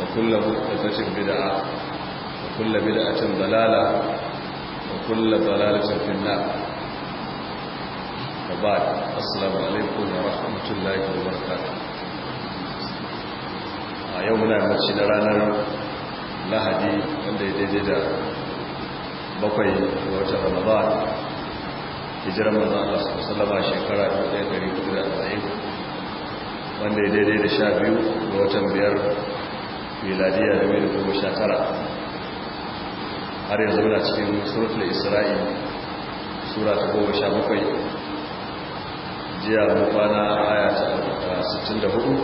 وكل مختصة بدعة وكل بدعة ضلالة وكل ضلالة في النار وبعد السلام عليكم ورحمة الله وبركاته a yau na mace na ranar lahadi a ya daidai da bakwai ga watan ramadan hijirar manzan ɗari su salama shekara wanda ya daidai da sha biyu ga watan biyar miladiyya da mai kuma sha tara har yanzu muna cikin suratul isra'i sura ta goma sha bakwai jiya mu kwana aya ta sittin da hudu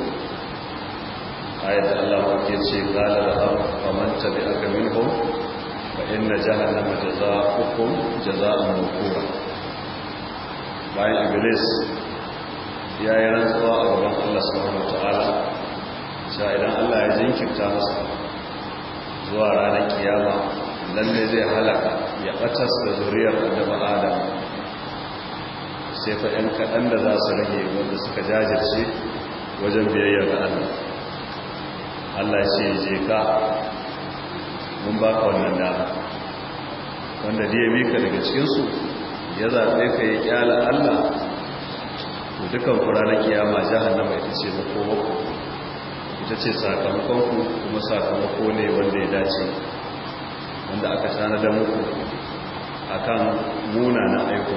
ayat da Allah ke ce qala la faman tabi'aka minhum fa inna uku, jaza a mawqura bayan iblis ya yi rantsuwa a gaban Allah subhanahu wa ta'ala cewa idan Allah ya jinkirta masu zuwa ranar kiyama lalle zai halaka ya ɓatas da zuriyar da adam sai fa ‘yan kaɗan da za su rage wanda suka jajirce wajen biyayyar da Allah Allah ce je ka mun ba ka wannan dama wanda da ya mika daga cikinsu ya zaɓe ka ya ƙyala Allah dukan kura na kiyama jahannama ita ce makomako ita ce sakamakon ku kuma sakamako ne wanda ya dace wanda aka tanada muku a kan muna na aiko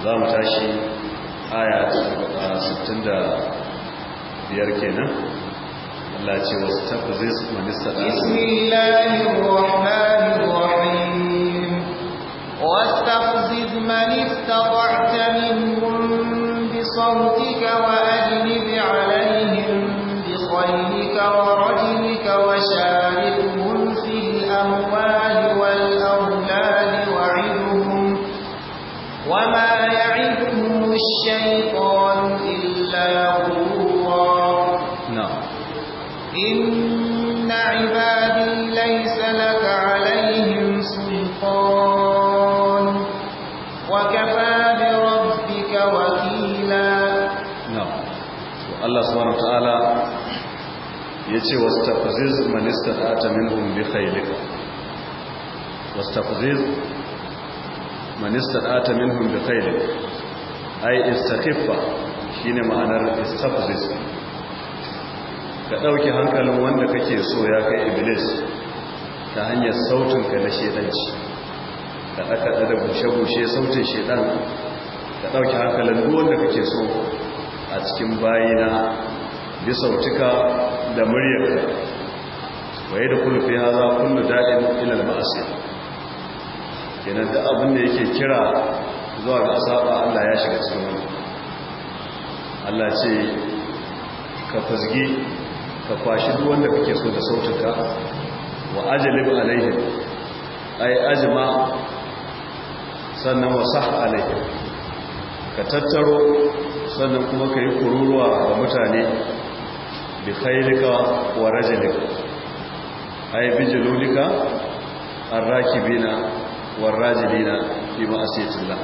za mu tashi aya da biyar kenan Allah ce wasu zai tafazis manista ɗansu Bismillahirrahmanirrahim واستفزز من استطعت منهم بصوتك ورجلك وشاركهم في الأموال والأولاد وعدهم وما يعدهم الشيطان إلا غرورا نعم إن عبادي ليس لك عليهم سلطان وكفى بربك وكيلا نعم الله سبحانه وتعالى ya ce wastafziz manista ta minhum bi khailika wastafziz manista ta minhum bi khailika ai shi shine ma'anar istafziz ka ɗauki hankalin wanda kake so ya kai iblis ta hanyar sautin ka na shedanci ka ɗaka da bushe-bushe sautin shedan ka ɗauki hankalin wanda kake so a cikin bayina bi sautuka da muryar waye da kullu ya za kullu da'in ila al maasi kenan da abin da yake kira zuwa ga asaba Allah ya shiga cikin wannan Allah ce ka fasgi ka kwashi duk wanda kake so da sautinka wa ajlib alaihim ay ajma sannan wa sah ka tattaro sannan kuma ka yi kururuwa ga mutane bi khailika wa rajulika ay bi jululika arrakibina war rajulina fi ma'asiyatillah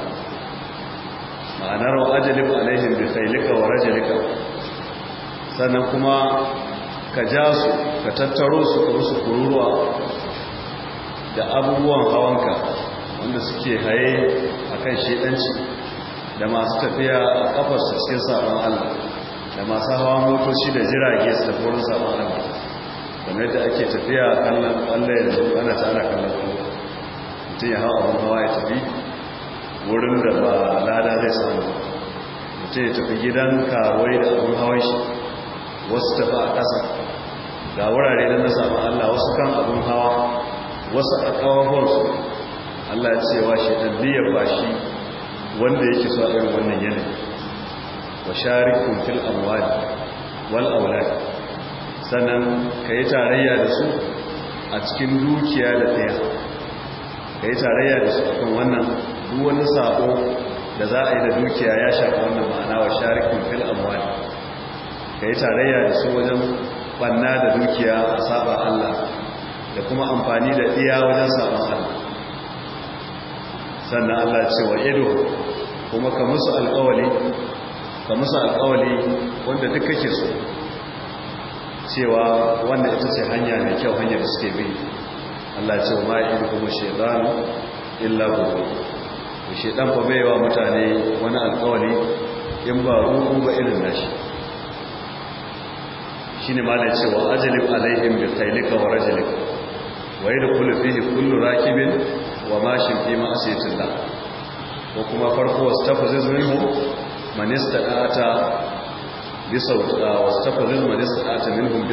ma'anar wa ajlib alaihim bi khailika wa rajulika sannan kuma ka ja su ka tattaro su ka musu kururuwa da abubuwan hawanka wanda suke haye akan shedanci da masu tafiya a kafarsu cikin sabon Allah da masu hawa motoci da jirage su tafi wurin sabon da kamar yadda ake tafiya kallon Allah yanzu ana tsara kallon Allah mutum ya hawa abin hawa ya tafi wurin da ba lada zai samu mutum ya tafi gidan karuwai da abin hawan shi wasu tafi a ƙasa ga wurare don na samun Allah wasu kan abin hawa wasu a kawafonsu Allah ya ce shi ɗan ba shi wanda yake so a irin wannan yanayi wa sharikun fil amwali wal aulad sannan kai tarayya da su a cikin dukiya da tsaya kai tarayya da su kan wannan duk wani sako da za a yi da dukiya ya shafi wannan ma'ana wa sharikun fil amwali kai tarayya da su wajen banna da dukiya a saba Allah da kuma amfani da wajen Allah sannan Allah ce wa ido kuma ka musu alƙawali ka musu alkawali wanda duk kake so cewa wanda ita ce hanya mai kyau hanyar da suke bi Allah ce wa yi kuma shaitan illa gobe da shaitan ba bai wa mutane wani alkawali in ba ruhu ba irin nashi shi ne malai cewa ajalib alaihim bi tailika wa rajulika wa yadkhulu fihi kullu rakibin wa mashin fi da ko kuma farko wasu wastafziz minhum manista ɗata wasu tafazin manista ɗata minhum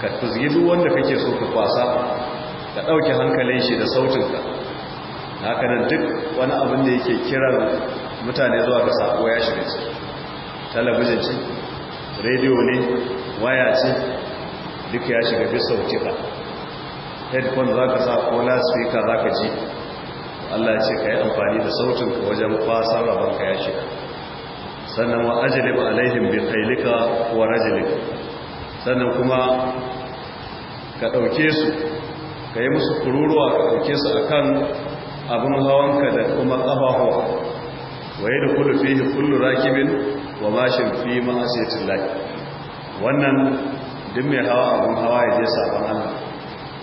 ka tuzgi duk wanda kake so ka kwasa ka ɗauke hankalin shi da sautinka haka nan duk wani abin da yake kiran mutane zuwa ga sako ya shiga ciki talabijin ce rediyo ne waya ce duk ya shiga bisa bisautika headphone za ka sa ko loudspeaker za ka ji Allah ce ka yi amfani da sautin ka wajen fasar rabon ka ya shiga sannan wa ajlib alaihim bi khailika wa rajulik sannan kuma ka dauke su ka yi musu kururuwa ka dauke su akan abin hawanka da kuma kafahuwa wa yadkhulu fihi kullu rakibin wa mashin fi ma'asiyatillah wannan duk mai hawa abin hawa ya je sabon Allah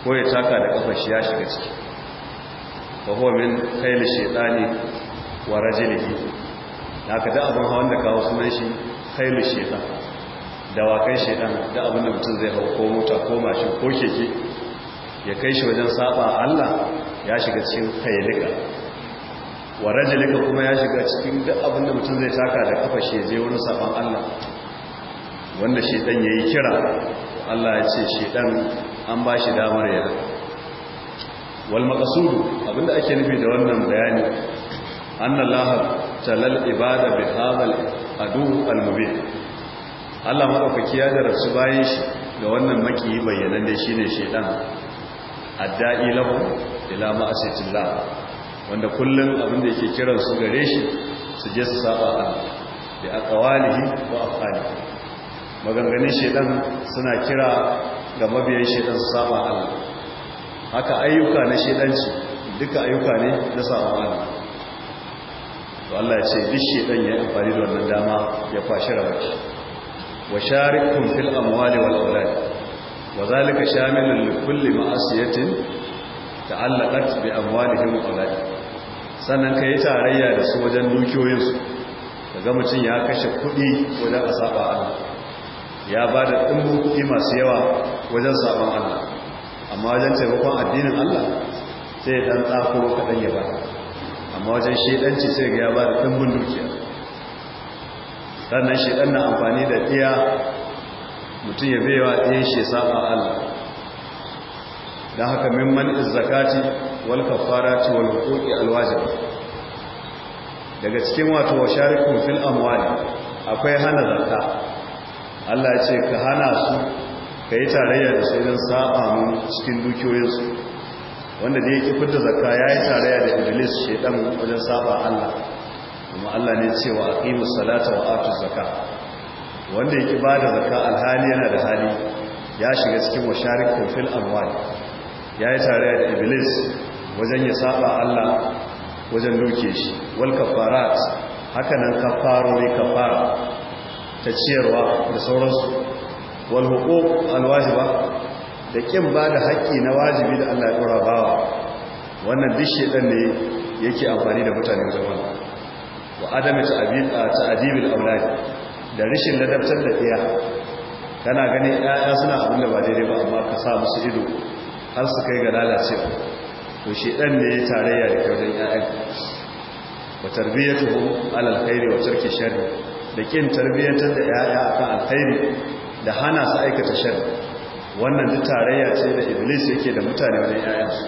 ko ya taka da kafar shi ya shiga ciki wa huwa min khayl shaytani wa rajlihi haka da abin hawan da kawo sunan shi Da wa kai shaitan da abin da mutum zai hau ko mota ko mashin ko keke ya kai shi wajen saba Allah ya shiga cikin khaylika wa rajulika kuma ya shiga cikin duk abin da mutum zai taka da kafa shi je wani saban Allah wanda shaitan yayi kira Allah ya ce shaitan an ba shi damar ya wal abinda ake nufi da wannan bayani anna allaha talal ibada bi hadal adu al mubin Allah madaukaki ya darasu bayan shi ga wannan maki bayyanan da shine shedan addai lahu ila ma'asitillah wanda kullun abinda yake kiran su gare shi su je su saba Allah bi aqwalihi wa afalihi maganganun shedan suna kira ga mabiyan shedan su saba Allah haka ayyuka na shedanci duka ayyuka ne na sabawa ne to Allah ya ce duk shedan ya amfani da wannan dama ya kwashi rabaci wa sharikum fil amwali wal aulad wa zalika shamilun li kulli ma'asiyatin ta'allaqat bi amwalihim wa aulad sannan kai tarayya da su wajen dukiyoyinsu daga mutum ya kashe kuɗi wajen a saba Allah ya ba da ɗin masu yawa wajen saban Allah amma wajen taimakon addinin Allah sai ya dan tsakuro kaɗan ya ba amma wajen shaidanci sai ga ya ba da ɗimbin dukiya sannan shaidan na amfani da ɗiya mutum ya baiwa ɗiyan shi sa'a Allah don haka mimman izzakati wal ci wal hukuki al daga cikin wato wa sharikun fil amwali akwai hana zakka Allah ya ce ka hana su ka yi tarayya da sauran sa'a mun cikin dukiyoyinsu wanda da ya ki fidda zakka ya yi tarayya da iblis shaidan wajen saba allah kuma allah ne cewa ƙi musalata wa atu zakka wanda ya ki ba da zakka alhali yana da hali ya shiga cikin washarik kofin amwal ya yi tarayya da iblis wajen ya saba allah wajen doke shi wal kafarat haka nan kafarori kafara ta ciyarwa da sauransu wal huquq al wajiba da kin ba da haƙƙi na wajibi da Allah ya bawa wannan duk ɗan ne yake amfani da mutane wajen wannan wa adami ta'abil da rishin ladabtar da ɗaya kana ganin 'ya'ya suna abin da ba daidai ba amma ka sa musu ido har su kai ga lalacewa to ɗan ne ya tarayya da don ƴaƴan wa tarbiyatuhum alal khairi wa tarki sharri da kin tarbiyyantar da 'ya'ya akan alkhairi da hana su aikata shan wannan duk tarayya ce da iblis yake da mutane wani yayin su.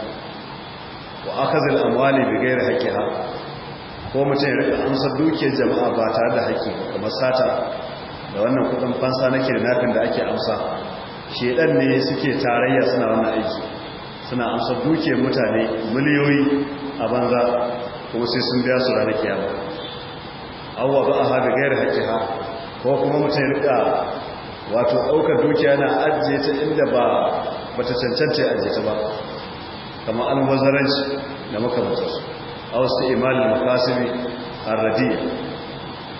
wa akazil amwali bi ghairi haqqiha ko mutum ya rika amsa dukiyar jama'a ba tare da haƙi ba kamar sata da wannan kudin fansa na kidnapping da ake amsa shedan ne suke tarayya suna wannan aiki suna amsa dukiyar mutane miliyoyi a banza kuma sai sun biya su ranar kiyama awwa ba a haɗa gairar ha? ko kuma mutum ya wato ɗaukar dukiya na ajiye ta inda ba bata cancanta ajiye ta ba kamar almubazaranci da su a wasu imanin makasiri a radiyya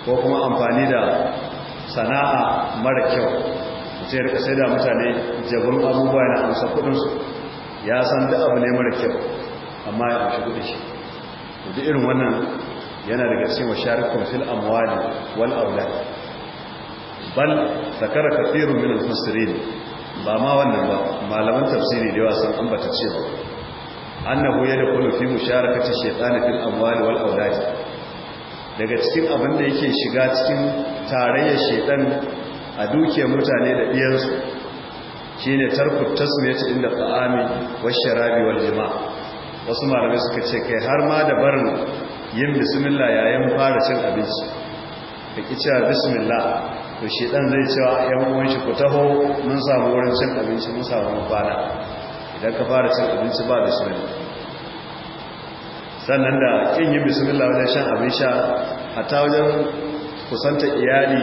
ko kuma amfani da sana'a mara kyau mutum ce rika sai da mutane jabin abubuwa na amsa kudinsu ya san da abu ne mara kyau amma ya amshi kudin shi duk irin wannan yana daga cikin wa sharikun fil amwali wal aulad bal sakara kafiru min al-fasirin ba ma wannan ba malaman tafsiri da yawa sun ambata cewa annahu yadkhulu fi musharakati shaytan fil amwal wal awlad daga cikin abin da yake shiga cikin tarayyar shaytan a dukiyar mutane da iyansu shine tarku tasmiyati inda qa'ami washarabi wal jima' wasu malamai suka ce kai har ma da barin yin bismillah yayin fara cin abinci kake cewa bismillah to shi dan zai cewa yan uwan shi ku taho mun samu wurin cin abinci mun samu kwana idan ka fara cin abinci ba da sunan sannan da kin yi bismillah wajen shan abin sha ta wajen kusanta iyali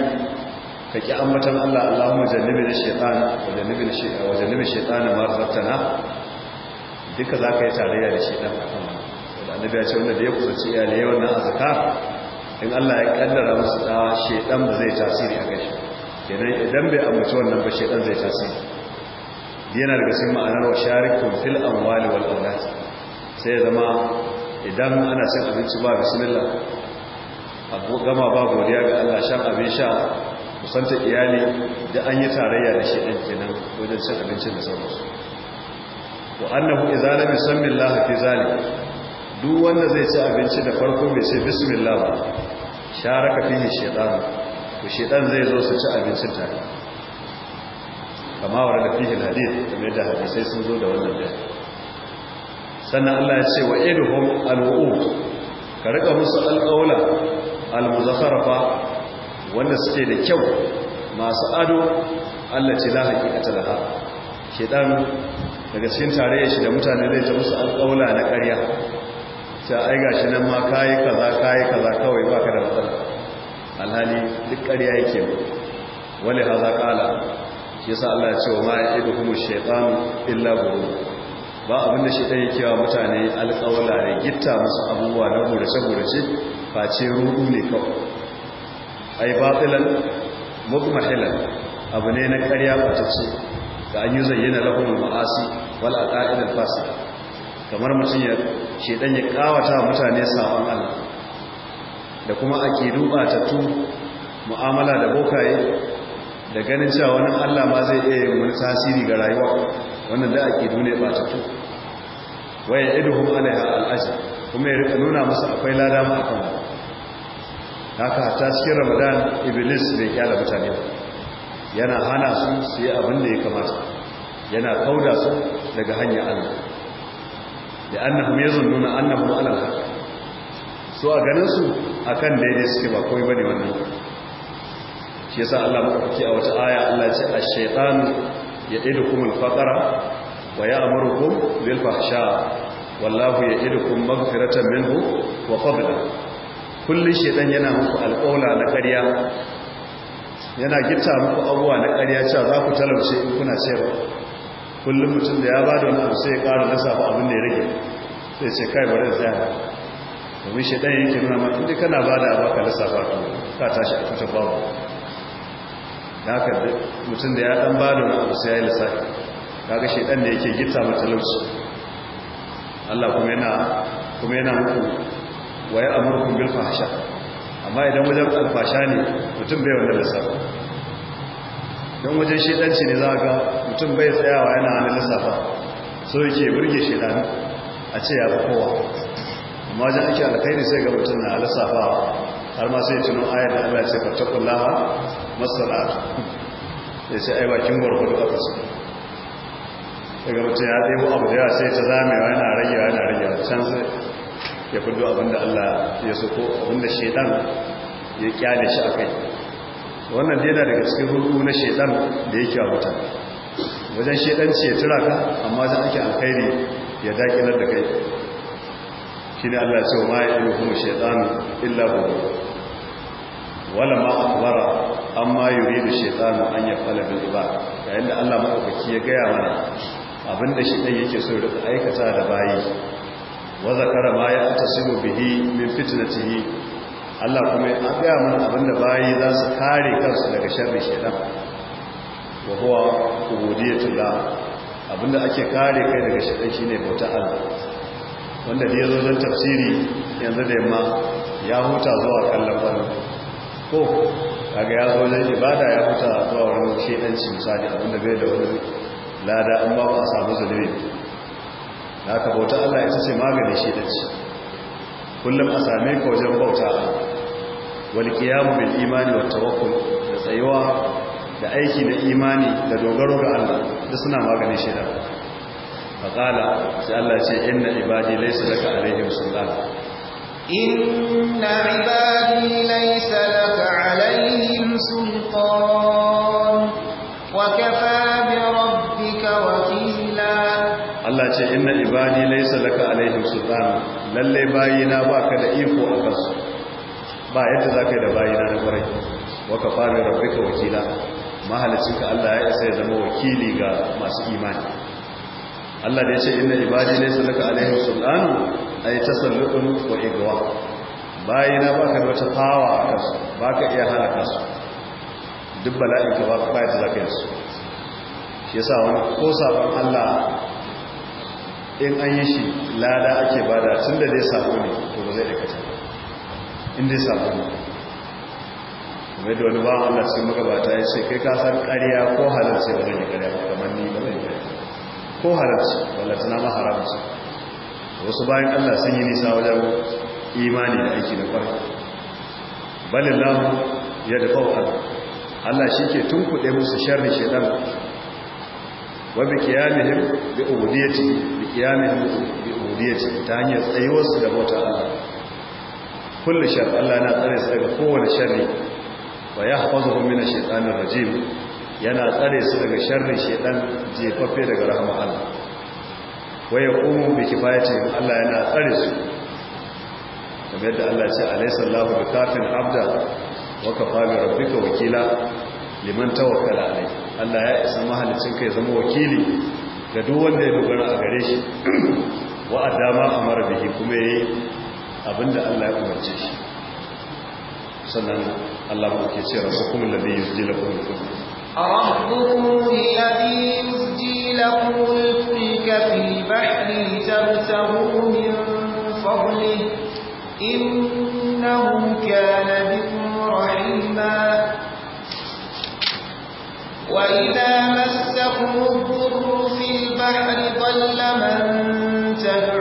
ka ki ambatan Allah Allahumma jannibi da shaytan wa jannibi na shaytan wa jannibi shaytan ma rabbana duka zaka yi tarayya da shaytan akan da annabi ya ce wanda da ya kusanci iyali wannan azka in Allah ya kaddara musu da shedan ba zai tasiri a gashi kenan idan bai amince wannan ba shedan zai tasiri yana daga cikin ma'anar wa sharikum fil amwal wal aulad sai ya zama idan ana cin abinci ba bismillah abu gama ba godiya ga Allah shan abin sha kusanta iyali da an yi tarayya da shedan kenan wajen cin abincin da sauransu wa annahu idza lam yusammi Allah fi zalika duk wanda zai ci abinci da farko mai ce bismillah ba sharaka fihi shaytan to shaytan zai zo su ci abincin tare kama warada fihi hadith kamar da hadisai sun zo da wannan bayani sannan Allah ya ce wa idhum alwuud ka rika musu alqawla almuzakharafa wanda suke da kyau masu ado Allah ce la haqiqata laha shaytan daga cikin ya shi da mutane zai ta musu alqawla na ƙarya a ai gashi nan ma kayi kaza kayi kaza kawai baka da matsala alhali duk ƙarya yake wani haza kala shi yasa Allah ya ce wa ma kuma shaytan illa guru ba abin da shaytan yake wa mutane alƙawla ne gitta musu abubuwa na gurace gurace ce rudu ne kawai ai batilan mukmahilan abu ne na ƙarya batacce ga an yi zayyana lahum ma'asi wal aqaid al kamar mutum ya shedan ya kawata mutane sabon Allah da kuma ake duba tu mu'amala da bokaye da ganin cewa wani Allah ma zai iya yin wani tasiri ga rayuwa wannan da ake dune ba tu waya iduhum alaiha al'ajr kuma ya rika nuna musu akwai lada ma akan haka ta cikin Ramadan iblis bai kyala mutane ba yana hana su su yi abin da ya kamata yana kauda su daga hanyar Allah da annahum yazunnuna annahum ala al so a ganin su akan daidai suke ba koi bane wannan shi yasa Allah madaukaki a wata aya Allah ya ce ash-shaytan ya'idukum al-faqra wa ya'murukum bil-fahsha wallahu ya'idukum maghfiratan minhu wa fadla kullu shaytan yana muku alƙawla na ƙarya yana gitta muku abuwa na ƙarya cewa za ku talauce in kuna cewa kullum mutum da ya ba da wani sai ya ƙara nasa ba abin da ya rage sai ce kai wadda zai ha domin shi ɗan yake nuna mata duk kana ba da baka nasa ba to ka tashi a tutar babu da haka mutum da ya ɗan ba da wani sai ya yi Ka kaga shi ɗan da yake gita mata lausu. Allah kuma yana kuma yana muku wa ya amurkum bil fahsha amma idan wajen alfasha ne mutum bai wanda lissa don wajen shi ɗanci ne za a ga mutum bai tsayawa yana wani lissafa so yake burge shi dan a ce ya fi kowa amma wajen ake alkhairi sai ga mutum na lissafa har ma sai tunan ayar da Allah ya ce fattakun laha masalatu ya ce ai bakin gwargwado a kasu daga mutum ya ɗebo abu da yawa sai ta zamewa yana ragewa yana ragewa can sai ya kudu abinda Allah ya so ko abinda shaidan ya kyale shi a kai wannan dai daga cikin hulɗu na shaidan da yake a mutane wajen shedanci ya tura ka amma wajen ake alkhairi ya dakilar da kai shine Allah ya ce ma ya ilu kuma shaytanu illa hu wala ma akbara da yuridu shaytanu an yafala bil ibad yayin da Allah madaukaki ya gaya mana abinda shedan yake so ya aikata da bayi wa zakara ma ya tasibu bihi min yi Allah kuma ya gaya mana da bayi za su kare kansu daga sharri shedan wa huwa ubudiyatullah abinda ake kare kai daga shaitan shine bauta Allah wanda da yazo zan tafsiri yanzu da yamma ya huta zuwa kallon bana ko kaga ya zo zan ibada ya huta zuwa wurin shaitanci misali abinda bai da wani lada an ba a samu zulubi haka bauta Allah ita ce maganin shaitanci kullum a same ka wajen bauta wal qiyamu bil imani wat tawakkul da tsayuwa da aiki da imani da dogaro ga Allah da suna maganin shida faƙala sai Allah ce inna ibadi laysa laka alayhi sultan inna ibadi laysa laka alayhi sultan wa kafa bi rabbika wakila Allah ce inna ibadi laysa laka alayhi sultan lalle bayina baka da iko a kansu ba yadda zakai yi da bayina na kwarai wa kafa bi rabbika wakila mahalicin ka Allah ya isa ya zama wakili ga masu imani Allah da ya ce inna ibadi su laka alaihim sultan ay tasallukun wa igwa na baka wata fawa a ba baka iya halaka su duk bala'in ka baka bayar da zaka yi su shi yasa wani ko sabon Allah in an yi shi lada ake bada tun da zai sabo ne to ba zai aikata in dai sabo ne kamar da wani bawan Allah cikin magabata ya ce kai ka san ko halarci ba zan yi ƙarya ba kamar ni ba zan yi ko halarci wanda na ma haramci wasu bayan Allah sun yi nisa wajen imani da aiki da balin lamu ya da wa Allah shi ke kuɗe musu sharri shaidan wa bi kiyamihim bi ubudiyati bi kiyamihim bi ubudiyati ta hanyar tsayuwarsu da bauta Allah kullu shar Allah na tsare su daga kowane sharri wa ya yahfazuhum zuwa mina shaytanir rajim yana tsare su daga sharrin shaytan jefaffe daga rahama Allah wa yaqumu bi kifayatihim Allah yana tsare su kamar yadda Allah a ce alaysa da kafin abda waka kafa wakila liman wakala alayhi Allah ya isa mahallicin kai zama wakili ga duk wanda ya dogara a gare shi wa'ada a mara bihi kuma ya yi abinda Allah ya umarce shi sannan الله يكي سير الذي يزجي لكم الفلك ربكم الذي يزجي لكم الفلك في بحر تبتغوا من فضله إنه كان بكم رحيما وإذا مسكم الضر في البحر ضل من تدعون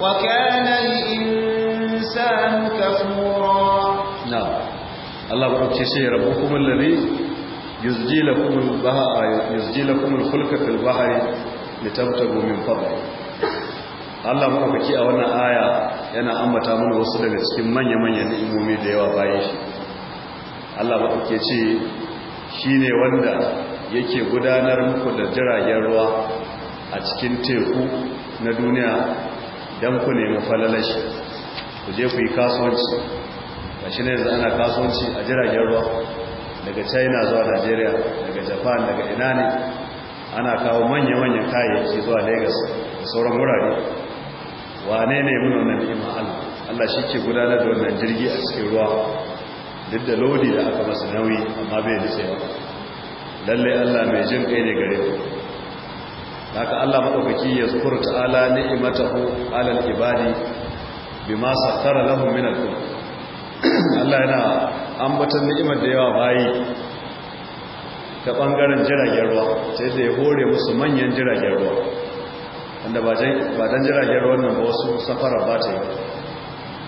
وكان الإنسان كفورا نعم الله بأكي تشيء ربكم الذي يزجي لكم البحر يزجي لكم الخلق في البحر لتبتغوا من فضله Allah mafafi a wannan aya yana ambata mana wasu daga cikin manya-manyan ni'imomi da yawa bayan shi Allah ba mafafi ce shine wanda yake gudanar muku da jiragen ruwa a cikin teku na duniya don ku nemi falalashi ku je ku yi kasuwanci a shi ne ana kasuwanci a jiragen ruwa daga china zuwa nigeria daga japan daga ina ne ana kawo manya-manyan kayayyaki zuwa lagos da sauran wurare wane ne mun wannan ni'ima allah allah shi ke gudanar da wannan jirgi a cikin ruwa duk da lodi da aka masa nauyi amma bai da nitsewa lallai allah mai jin kai ne gare ku haka Allah madaukaki ya zukuru ta'ala ni'matahu alal ibadi bima sakara lahum min al Allah yana ambatan ni'imar da yawa bayi ta bangaren jiragen ruwa sai da ya hore musu manyan jiragen ruwa wanda ba dan jiragen ruwan nan ba wasu safara ba ta yi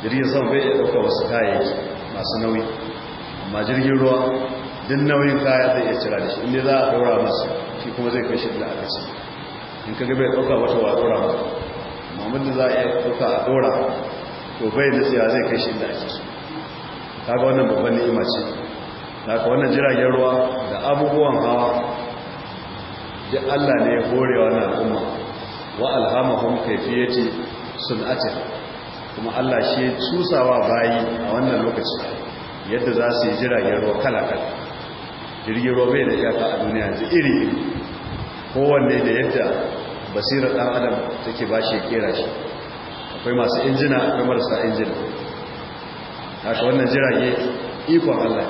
jirgin sama bai iya ɗauka wasu kayayyaki masu nauyi amma jirgin ruwa din nauyin kaya zai iya cira da shi inda za a ɗaura masa shi kuma zai kai shi da aka ce in ka bai ɗauka wata wa dora ba mamun za a iya ɗauka a dora to bai da siya zai kai shi da ake so ga wannan babban ni'ima ce ga wannan jiragen ruwa da abubuwan hawa ji Allah ne ya hore wannan al'umma wa ce sun ace kuma Allah shi tusawa bayi a wannan lokaci yadda za su yi jiragen ruwa kala-kala jirgin ruwa bai da iyaka a duniya ji iri kowanne da yadda basirar ɗan adam take ba shi kera shi akwai masu injina akwai marasa injina haka wannan jirage ikon allah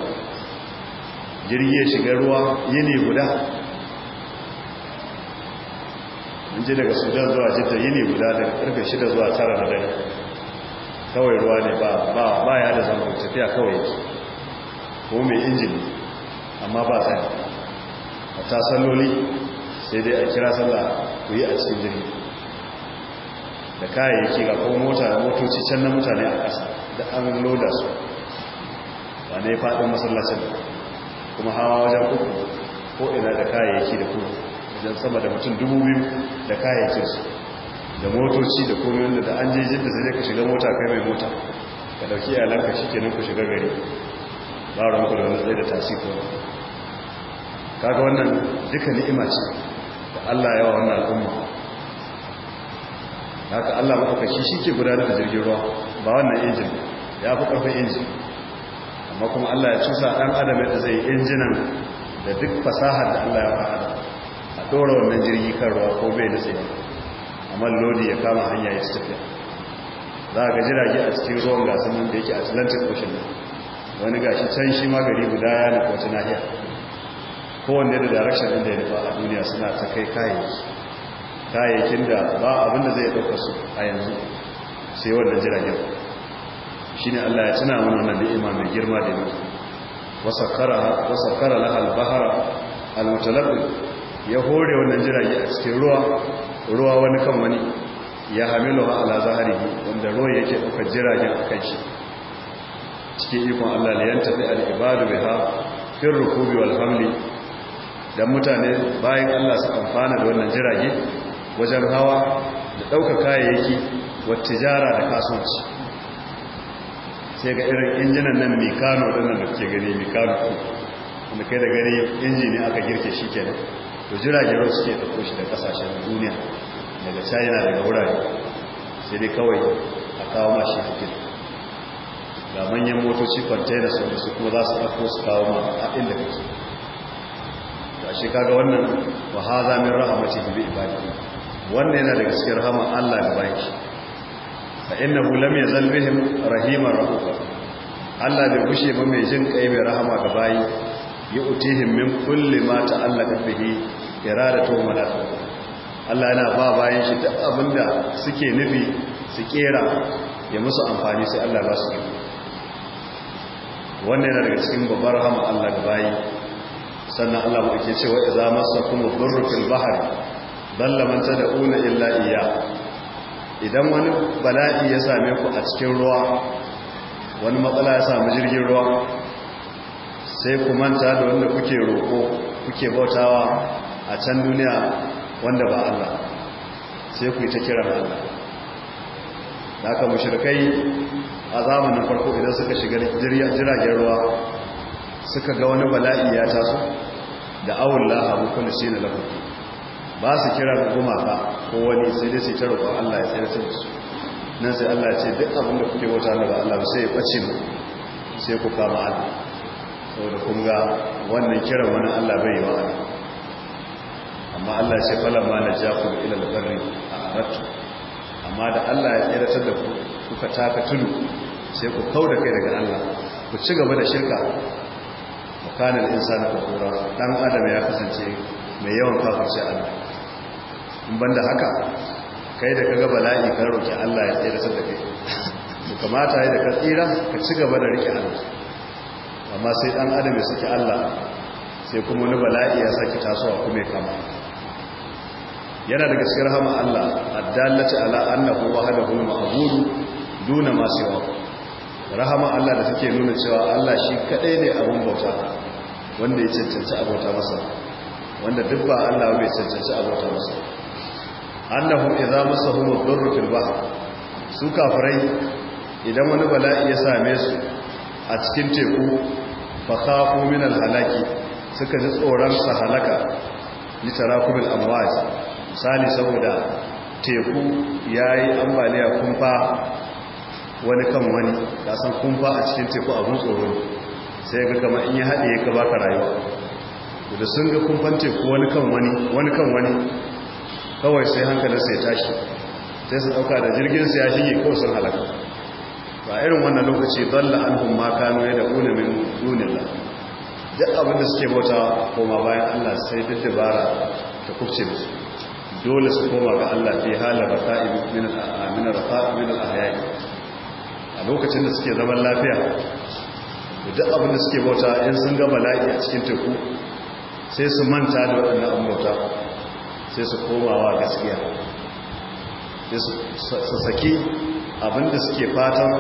jirgi ya shiga ruwa yini guda in ji daga sudan zuwa jidda yini guda da karfe shida zuwa tara na dare kawai ruwa ne ba ya da zama tafiya kawai ko mai injini amma ba sai a tasalloli sai dai a kira sallah ku yi a cikin jini da kayayyaki ga kuma mota da motoci can na mutane a ƙasa da an loda su ba ne faɗin masallacin kuma hawa wajen uku ko ina da kayayyaki da kuma wajen sama da mutum dubu biyu da su da motoci da kuma yadda da an je da sai ka shiga mota kai mai mota ka ɗauki iyalanka shi kenan ku shiga gari ba ranku da wani zai da tasiri kaga wannan duka ni'ima ce Allah yawa wannan al'umma haka Allah maɗaukaci shi ke gudanar da jirgin ruwa ba wannan injin ya fi ƙarfin injin amma kuma Allah ya cusa dan adam da zai injinan da duk fasahar da Allah ya fa'ada a ɗora wannan jirgi kan ruwa ko bai da sai amma lodi ya kama hanya ya tafiya za ga jirage a cikin ruwan gasu nan da yake atlantic ocean wani gashi can shi magari guda ya nufi wata nahiya kowanne da direction din da ya nufa a duniya suna ta kai kayayyakin da ba abinda zai ɗauka su a yanzu sai wannan jiragen shi ne allah ya tuna mana wannan ni'ima mai girma da yi wasakara na albahara almutalabin ya hore wannan jirage a cikin ruwa ruwa wani kan wani ya hamilu ha ala zahari wanda ruwa yake ɗaukar jiragen a kan shi cikin ikon allah da yanta fi al'ibadu bai ha fin rukubi wal hamli don mutane bayan allah su amfana da wannan jirage wajen hawa da ɗaukar kayayyaki wacce jara da kasuwanci sai ga irin injinan nan mikano ɗinnan da ke gani mekano ko wanda kai da gani injini aka girke shi kenan to jirage ruwa suke da koshi da ƙasashen duniya daga china daga wurare sai dai kawai a kawo mashi fitil ga manyan motoci kwantaina da su kuma za su ɗauko su kawo ma a inda kake ashe kaga wannan wa haza min rahmati bi ibadihi wannan yana daga cikin rahama Allah ga baki fa innahu lam yazal bihim rahiman rahufa Allah bai kushe ba mai jin kai mai rahama ga bayi utihim min kulli ma ta'allaqa bihi iradatu wa malakatu Allah yana ba bayan shi duk abinda suke nufi su kera ya musu amfani sai Allah ba su wannan yana daga cikin babbar rahama Allah ga bayi sannan Allah mu ke cewa idza masakum dhurru fil bahri dalla da una illa iya idan wani bala'i ya same ku a cikin ruwa wani matsala ya sami jirgin ruwa sai ku manta da wanda kuke roƙo kuke bautawa a can duniya wanda ba Allah sai ku yi ta kiran Allah da aka mushrikai a zamanin farko idan suka shiga jiragen ruwa suka ga wani bala'i ya taso da awon laha hukun shi na lafafi ba su kira ga gumaka ko wani sai dai su ta roƙon Allah ya tsere da su nan sai Allah ya ce duk abin da kuke wata da ba Allah ba sai ya ɓace mu sai ku kama Allah saboda kun ga wannan kiran wani Allah bai yi wa amma Allah ya ce falan ma na jaku ila barri a aratu amma da Allah ya su da ku kuka taka tudu sai ku kauda kai daga Allah ku ci gaba da shirka kan da insani kafura dan adam ya kasance mai yawan kafirce Allah in banda haka kai da kaga bala'i kan roki Allah ya tsira da kai to kamata ya da ka tsira ka ci gaba da rike Allah amma sai dan adam ya saki Allah sai kuma wani bala'i ya saki tasowa kuma ya kama yana daga cikin rahama Allah addallata ala annahu wahdahu al-ma'bud duna ma siwa rahama Allah da suke nuna cewa Allah shi kadai ne abun bauta wanda ya cancanci abota masa wanda duk ba Allah bai cancanci abota masa annahu idza masahum ad darr fil bahr su kafirai idan wani bala'i ya same su a cikin teku fa khafu min al-halaki suka ji tsoron sa halaka litarakumil amwaj misali saboda teku yayi ambaliya kumfa wani kan wani kun kumfa a cikin teku abun tsoro sai ga kama in ya haɗe ka rayu rayuwa da sun ga kumfance ko wani kan wani kawai sai hankalinsa ya tashi sai su ɗauka da jirgin su ya shige ko sun halaka ba irin wannan lokaci zalla an ma kano ya da ƙuna min duk abin da suke bauta koma bayan allah sai duk dabara ta kufce musu dole su koma ga allah fi hala rafa'i min al-ahyai a lokacin da suke zaman lafiya da abin da suke bauta in sun gaba la'i a cikin teku sai su manta da waɗanda abin bauta sai su komawa gaskiya sai su saki abin da suke fatan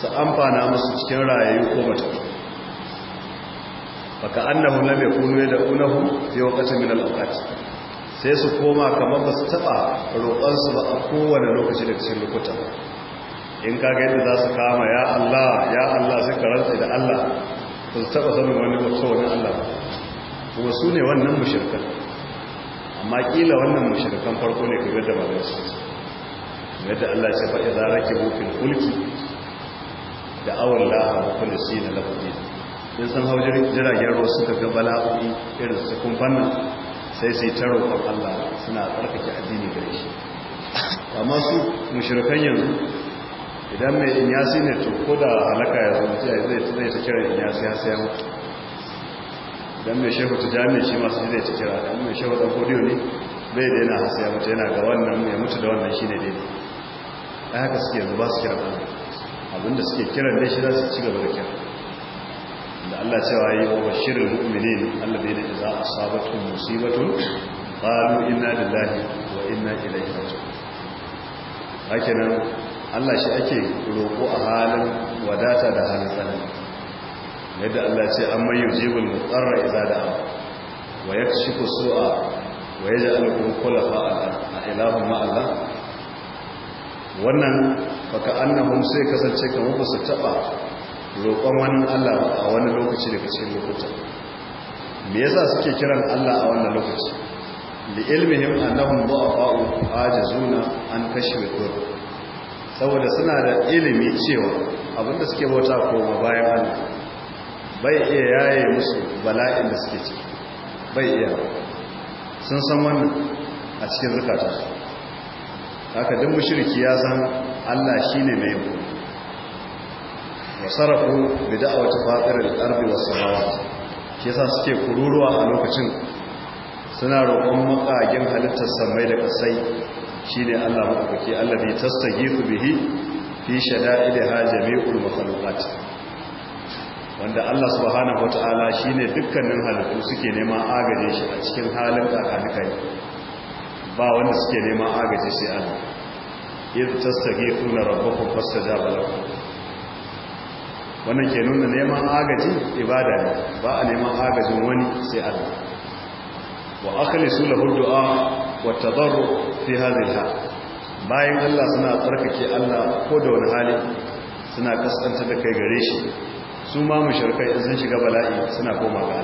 su amfana musu cikin rayayu ko matattu baka annahu lam da unahu fi waqtin min al sai su koma kamar ba su taɓa roƙonsu ba a kowane lokaci da cikin lokuta in ga yadda za su kama ya Allah ya Allah suka karanta da Allah ba su taba sanin wani wasu wani Allah kuma su ne wannan mushirkan amma kila wannan mushirkan farko ne kamar da ba su yadda Allah ce fa idza rakibu fil kulki da awal la kullu sina lafzi in san hau jiragen ruwa suka ga bala'o'i irin su kun fanna sai sai ta roƙon Allah suna tsarkake addini gare shi amma su mushrikan yanzu idan mai inyasi ne to ko da halaka ya zuci zai ta kira inyasi ya sayan mutu idan mai shehu ta jami'a shi masu zai ta kira idan mai shehu ɗan kodiyo ne bai da yana hasa ya mutu yana ga wannan ya mutu da wannan shi ne dai a haka suke yanzu ba su kira ɗan abinda suke kiran dai shi za su ci gaba da kira da Allah cewa yi wa bashirin mu'minin Allah bai da a asabatu musibatu qalu inna lillahi wa inna ilaihi raji'un hakenan Allah shi ake roƙo a halin wadata da halin tsanani yadda Allah ce an mayu jibin mutsarra da da'a wa so a wa kula fa a ilahun wannan Allah wannan na hun sai kasance kamar ba su taba roƙon wani Allah a wani lokaci daga cikin lokuta me yasa suke kiran Allah a wannan lokaci li ilmihim annahum du'afa ajizuna an kashfi dhurr saboda suna da ilimi cewa abinda suke bauta koma bayan hannu bai iya yaye musu bala'in da suke ciki bai iya sun san wannan a cikin zukatarsu haka duk mushriki ya san Allah shi shine mai da wasarafu bi da'awati fatiril ardi wasu hawa ke yasa suke kururuwa a lokacin suna roƙon makagen halittar samai da kasai Shi ne Allah Allah madaukaki tasta gifu bihi fi shada'idha jami'ul makhluqat wanda Allah subhanahu wata'ala shine dukkanin halittu suke neman agaje shi a cikin halin kakanikai ba wanda suke neman agaje sai Allah idh tastaghithuna fasta da lakum wannan ke nuna neman agaji ibada ne ba a neman agajin wani sai Allah wa akhlisu lahu du'a Wata tadarru fi hadhihi hal bayan Allah suna tsarkake Allah ko da wani hali suna kasanta da kai gare shi su ma shirka in sun shiga bala'i suna koma ga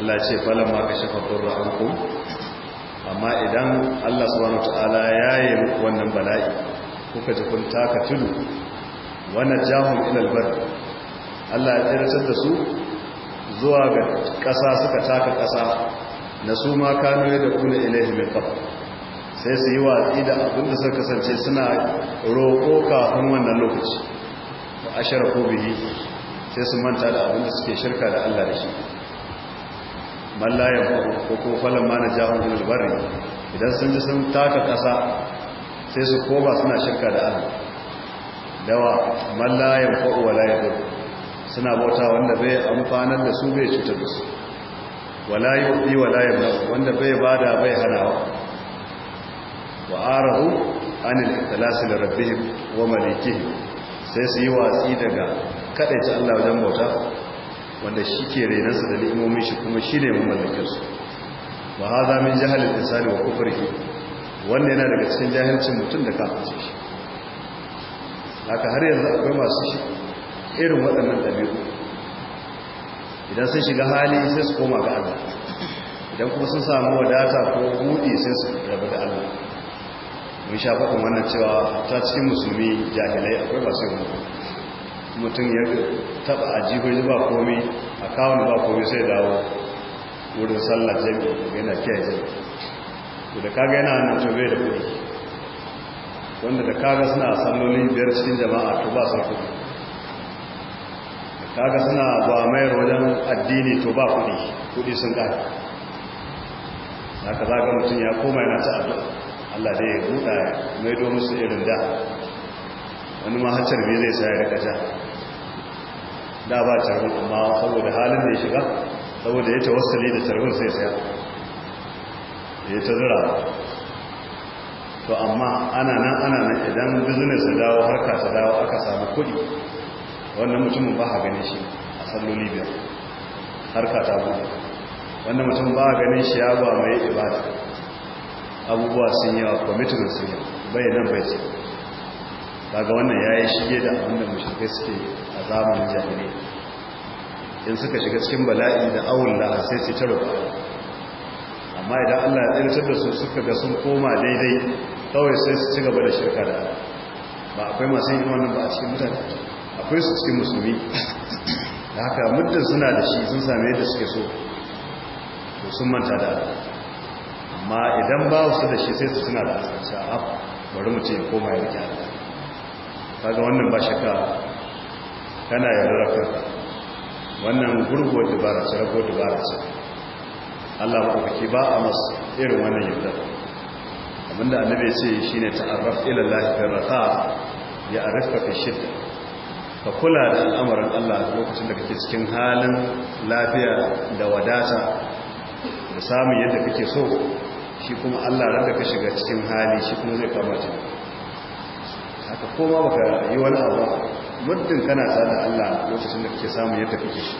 Allah Allah ce falamma kashafa durra ankum amma idan Allah subhanahu wataala ya yi muku wannan bala'i kuka ji kun taka tudu wannan jahum ila albar Allah ya tsiratar da su zuwa ga ƙasa suka taka ƙasa na su ma kanu ya da kuna ilaihi mai kafa sai su yi watsi da abinda suka kasance suna roƙo kafin wannan lokaci da ashirar ko bihi sai su manta da abinda suke shirka da allah da shi mallayan ko ko falon mana na jahon gulbari idan sun ji sun taka ƙasa sai su koma suna shirka da allah dawa mallaya ko wala ya suna bauta wanda bai amfanar da su bai cutar da su wala yuqi wala yamna wanda bai bada bai hanawa wa arahu anil ikhlasi da rabbihim wa malikihim sai su yi watsi daga kadaici Allah wajen bauta wanda shi ke su da ni'imomin shi kuma shi ne mamallakinsu ba ha za min al-insani wa kufrihi wanda yana daga cikin jahilcin mutum da kafirci shi haka har yanzu akwai masu irin waɗannan ɗabi'u idan sun shiga hali sai su koma ga Allah idan kuma sun samu wadata ko buɗe sai su rabu da Allah mun sha faɗin wannan cewa ta cikin musulmi jahilai akwai masu yin mutum ya taɓa a jihohi ba komai a kawon ba komai sai dawo wurin sallah jami yana kiyaye jami'i da kaga yana nan to bai da kuɗi wanda da kaga suna salloli biyar cikin jama'a to ba su kudi kaga suna ba mayar wajen addini to ba kudi kudi sun kare haka zaga mutum ya koma yana ta abu Allah dai ya buɗa mai domin su irin da wani ma hacar me zai sa ya rika ja da ba tarbin amma saboda halin da ya shiga saboda ya ta wasali da tarbin sai saya ya ta zura to amma ana nan ana nan idan business ta dawo harka ta dawo aka samu kuɗi wannan mutumin ba a ganin shi a salloli biyar harka ta buɗe wannan mutum ba a ganin shi ya ba mai ibada abubuwa sun yawa kwamitin sun yi bai nan bai ce daga wannan ya yi shige da da mashirkai suke a zamanin jami'ai in suka shiga cikin bala'i da awon da sai su ta rufa amma idan allah ya tsirtar da su suka ga sun koma daidai kawai sai su ci gaba da shirka da ba akwai masu yi wannan ba a cikin mutane akwai su cikin musulmi da haka muddin suna da shi sun same da suke so to sun manta da amma idan ba su da shi sai su suna da asirci a ah, bari mu ce koma ya rike ala kaga wannan ba shakka kana yarda kanka wannan gurguwar dubara ce rago dubara ce Allah maɗaukaki ba a masu irin wannan yarda abinda annabi ce shine ta'arraf ila lahi bi ya arafa fi shidda ka kula da al'amarin Allah lokacin da kake cikin halin lafiya da wadata da samun yadda kake so shi kuma Allah da ka shiga cikin hali shi kuma zai ce haka koma baka yi wani abu muddin kana tsada Allah lokacin da kake samun yadda kake so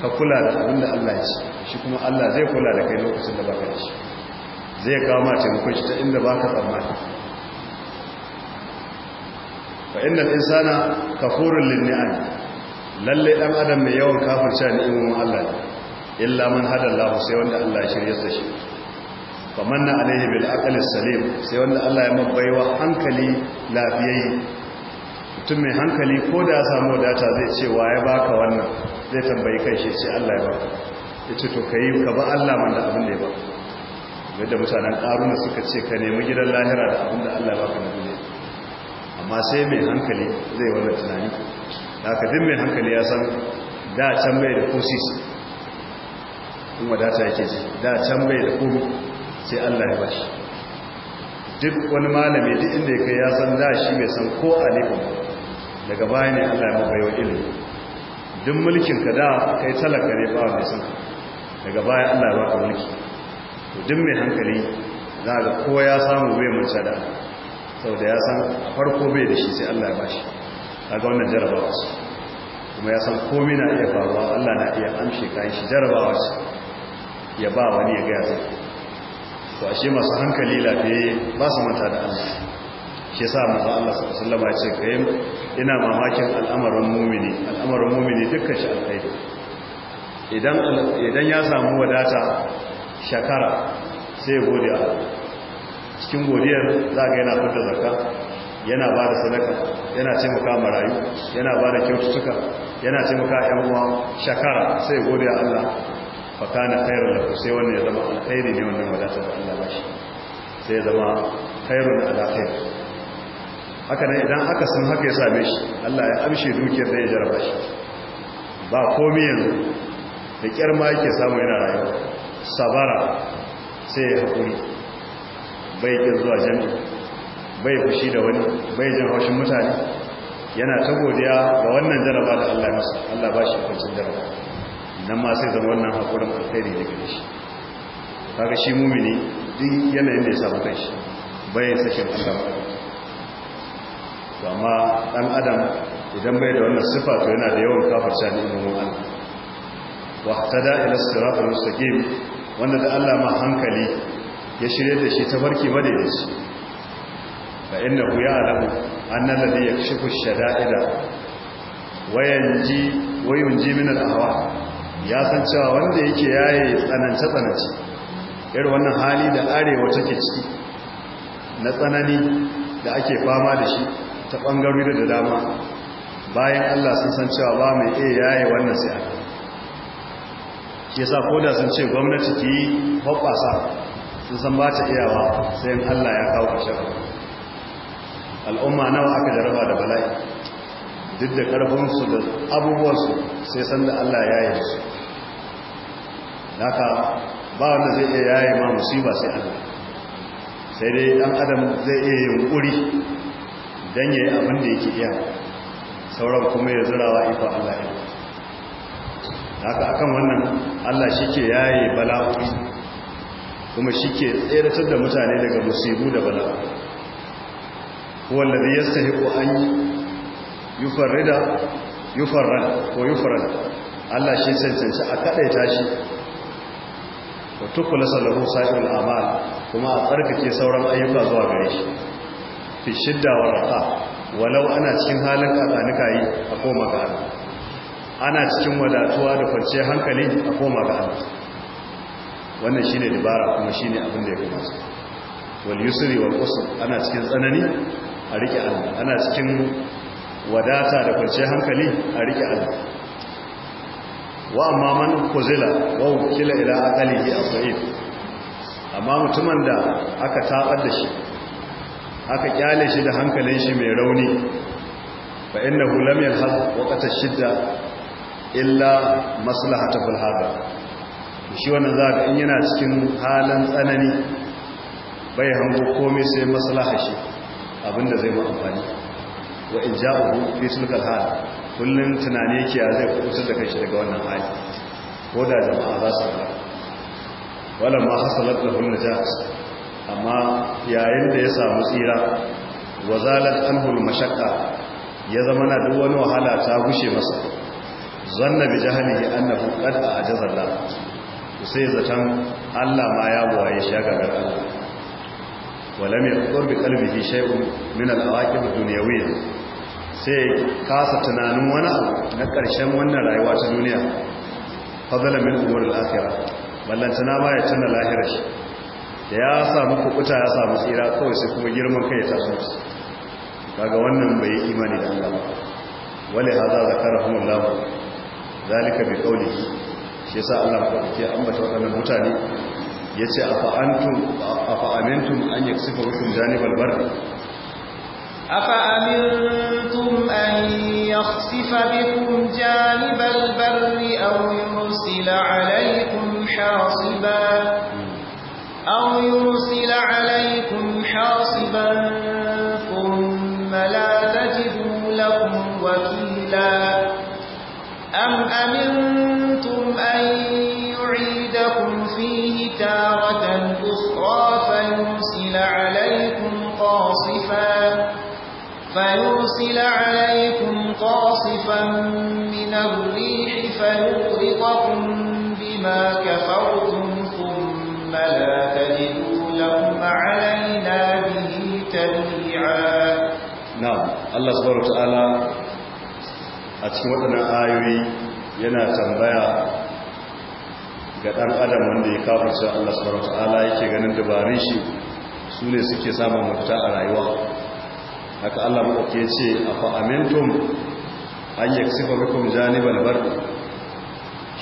ka kula da abin da Allah ya ci shi kuma Allah zai kula da kai lokacin da baka da shi zai kawo ce taimakon shi ta inda baka tsammani fa innal insana kafurun lin lalle dan adam mai yawan kafirce ni'imomin Allah ne illa mun hada Allah sai wanda Allah ya shirye sa shi kamar na alaihi bil aqli salim sai wanda Allah ya mabaiwa hankali lafiyayye mutum mai hankali ko da ya samu wadata zai ce wa ya baka wannan zai tambayi kai shi sai Allah ya baka yace to ka yi ka ba Allah man da abin da ya ba yadda mutanen karuna suka ce ka nemi gidan lahira da abin da Allah ya baka na duniya amma sai mai hankali zai wannan tunani da aka din mai hankali ya san da can bai da kusis in wadata yake ce da can bai da kuru sai allah ya bashi duk wani malami duk inda ya kai ya san da shi bai san ko alifin daga baya ne allah ya mabai wa ilimi duk mulkinka da kai talaka ne ba mai san daga baya allah ya baka mulki duk mai hankali za ga kowa ya samu bai mace da sau da ya san farko bai da shi sai Allah ya bashi ga wannan jarabawa su kuma ya san komi na iya faruwa Allah na iya amshe kayan shi jarabawa su ya ba wani ya gaya zai to ashe masu hankali lafiye ba su manta da Allah shi sa masu Allah sallallahu alaihi ce ka yi ina mamakin al'amarin mu'mini al'amarin mu'mini dukkan shi an idan idan ya samu wadata shakara sai ya gode Allah cikin godiyar za ga yana fitar zakka yana ba da sadaka yana taimaka marayu yana ba da kyaututtuka yana taimaka yan uwa shakara sai godiya a Allah fa na khairu da sai wannan ya zama alkhairi ne wannan wadatar da Allah bashi sai ya zama khairu da alakai. haka nan idan aka sun haka ya same shi Allah ya amshe dukiyar da ya jaraba shi ba komai yanzu da kyar ma yake samu yana rayuwa sabara sai ya haƙuri bai ƙin zuwa jami'i bai fushi da wani bai jin haushin mutane yana ta godiya ga wannan jaraba da Allah masu Allah ba shi kwancin jaraba nan ma sai zama wannan haƙurin alkhairi da daga shi kaga shi mumini duk yanayin da ya samu shi bai sakin Allah to amma ɗan adam idan bai da wannan sifa to yana da yawan kafirta da ilimin Allah wa ta ihtada ila siratal mustaqim wanda da Allah ma hankali ya shirye da shi tafarki Ba fa ku ya'lamu anna an yakshifu ash-shada'ida wa yanji wa yunji min al-ahwa ya san cewa wanda yake yaye tsanance tsanance irin wannan hali da arewa take ciki na tsanani da ake fama da shi ta bangarori da dama bayan Allah sun san cewa ba mai iya yaye wannan sai shi yasa koda sun ce gwamnati ki hoɓasa sun san ba ta iyawa sai in Allah ya kawo ƙarshen al'umma nawa aka jaraba da bala'i duk da ƙarfinsu da abubuwansu sai san da Allah ya yi su haka ba wanda zai iya yayi ma musiba sai Allah sai dai ɗan adam zai iya yunƙuri don ya yi abin da yake iya sauran kuma ya zurawa ifa Allah ya yi haka akan wannan Allah shi ke yaye bala'o'i kuma shi ke tseratar da mutane daga musibu da bala sahi ko an yi yufarrida yufarran ko yufarran Allah shi cancanci a kadaita tashi. wa tukula sallahu sa'irul amal kuma a tsarkake sauran ayyuka zuwa gare shi fi shidda wa walau ana cikin halin kakanika yi a koma ga ana cikin wadatuwa da kwanciyar hankali a koma ga hannu wannan shi ne dabara kuma shi ne abin da ya fi masu wal wa wal ana cikin tsanani a riƙe Allah ana cikin wadata da kwanciyar hankali a riƙe Allah wa amma man kuzila wa ukila ila aqalihi as-sa'id amma mutumin da aka taɓar da shi aka kyale shi da hankalin shi mai rauni fa innahu lam yalhaq waqta ash-shidda illa maslahatu fil hada shi wannan za ga in yana cikin halin tsanani bai hango komai sai maslaha shi abinda zai mu amfani wa in ja'u fi sulkal hal kullun tunani yake ya zai kusa da kai daga wannan hali ko da jama'a za su fara wala ma hasalat lahu najat amma yayin da ya samu tsira zalat anhu al-mashaqqa ya zama na duk wani wahala ta gushe masa zanna bi jahalihi annahu qad a'jaza Allah to sai zaton Allah ma ya buwaye shi ga wala mai yaqdur bi qalbihi shay'un min al-awaqib ad-dunyawiyya sai kasa tunanin wani na karshen wannan rayuwa ta duniya fadala min umur al-akhirah tana ma ya tuna lahirar shi da ya samu kukuta ya samu tsira kawai sai kuma girman kai ya taso kaga wannan bai yi imani da Allah ba wala hada zakarahumullahu zalika bi qawlihi shi yasa Allah madaukaki ya ambata waɗannan mutane ya ce afa'amintum an yi sifa rukun janibal barri أفأمنتم أن يخسف بكم جانب البر أو يرسل عليكم حاصبا أو يرسل عليكم حاصبا ثم لا تجدوا لكم وكيلا أم أمنتم قاصفا فيرسل عليكم قاصفا من الريح فيغرقكم بما كفرتم ثم لا تجدوا لهم علينا به تبيعا نعم الله سبحانه وتعالى a cikin waɗannan ayoyi yana tambaya ga ɗan adam wanda ya kafin Allah subhanahu wa ta'ala yake ganin dabarun shi su ne suke samun mafita a rayuwa haka Allah maɗauke ce a fa'amintum an yi sifa rukun janibal bardi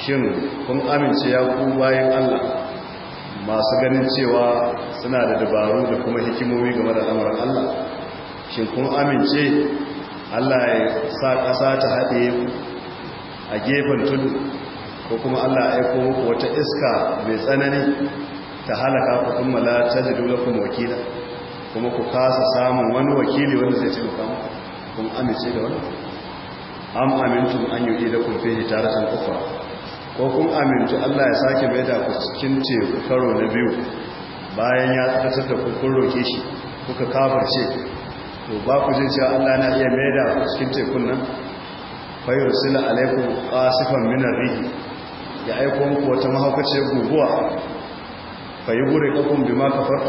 shin kun amince ya ku bayan Allah masu ganin cewa suna da dabaru da kuma hikimomi game da al'amuran Allah shin kun amince Allah ya sa kasa ta haɗe a gefen tudu ko kuma Allah ya aiko wata iska mai tsanani ta halaka ku kuma la tajidu lakum wakila kuma ku kasa samun wani wakili wanda zai cika muku kun amince da wannan am amintum an yu'idakum fihi taratan kufa. ko kun amintu Allah ya sake mai da ku cikin teku karo na biyu bayan ya tsakatar da ku kun roke shi kuka kafirce to ba ku jin cewa Allah na iya mai da ku cikin tekun nan fayyursila alaikum qasifan min ar-rih ya aiko muku wata mahaukaciyar guguwa fayi wuri kakun bi ma kafar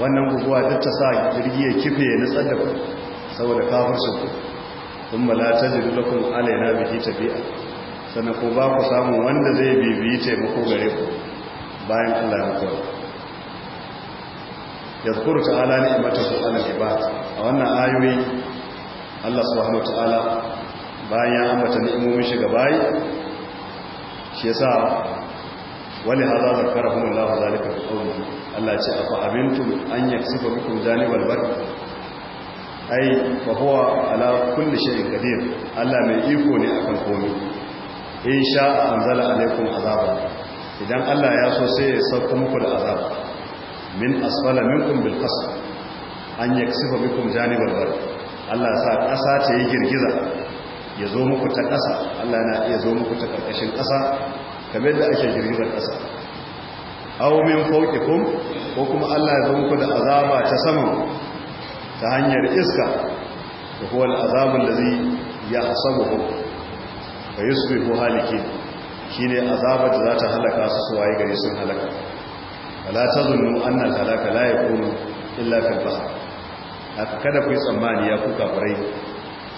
wannan guguwa ta ta sa jirgi ya kife ya nutsar da ku saboda kafar su kun mala ta jiru da kun alaina biki tafiya sannan ko ba ku samu wanda zai bibiyi taimako gare ku bayan allah ya kuwa ya zukuru ta'ala ne su mata su'anar ibad a wannan ayoyi allah subhanahu ta'ala bayan ya ambata ni'imomin shiga bayi shi yasa wani haza zakara hun Allah zalika fi qawli Allah ce afa amintum an yi yaksiba bikum janibal bar ai fa huwa ala kulli shay'in qadir Allah mai iko ne a kan komai in sha anzala alaikum azaba idan Allah ya so sai ya sauka muku da azaba min asfala minkum bil qasr an yaksifa bikum janibal bar Allah sa ƙasa ce ya girgiza ya zo muku ta ƙasa Allah na iya zo muku ta ƙarƙashin ƙasa kamar da ake girgizar ƙasa min fauƙikun ko kuma allah ya zama ku da azaba ta sama ta hanyar iska da kuwa azabin da zai ya samu ku ka yi su ko shi ne azabar da za ta halaka su waye gari sun halaka ala ta zunnu annan halaka la ya kunu illa kan fasa haka kada ku yi tsammani ya kuka farai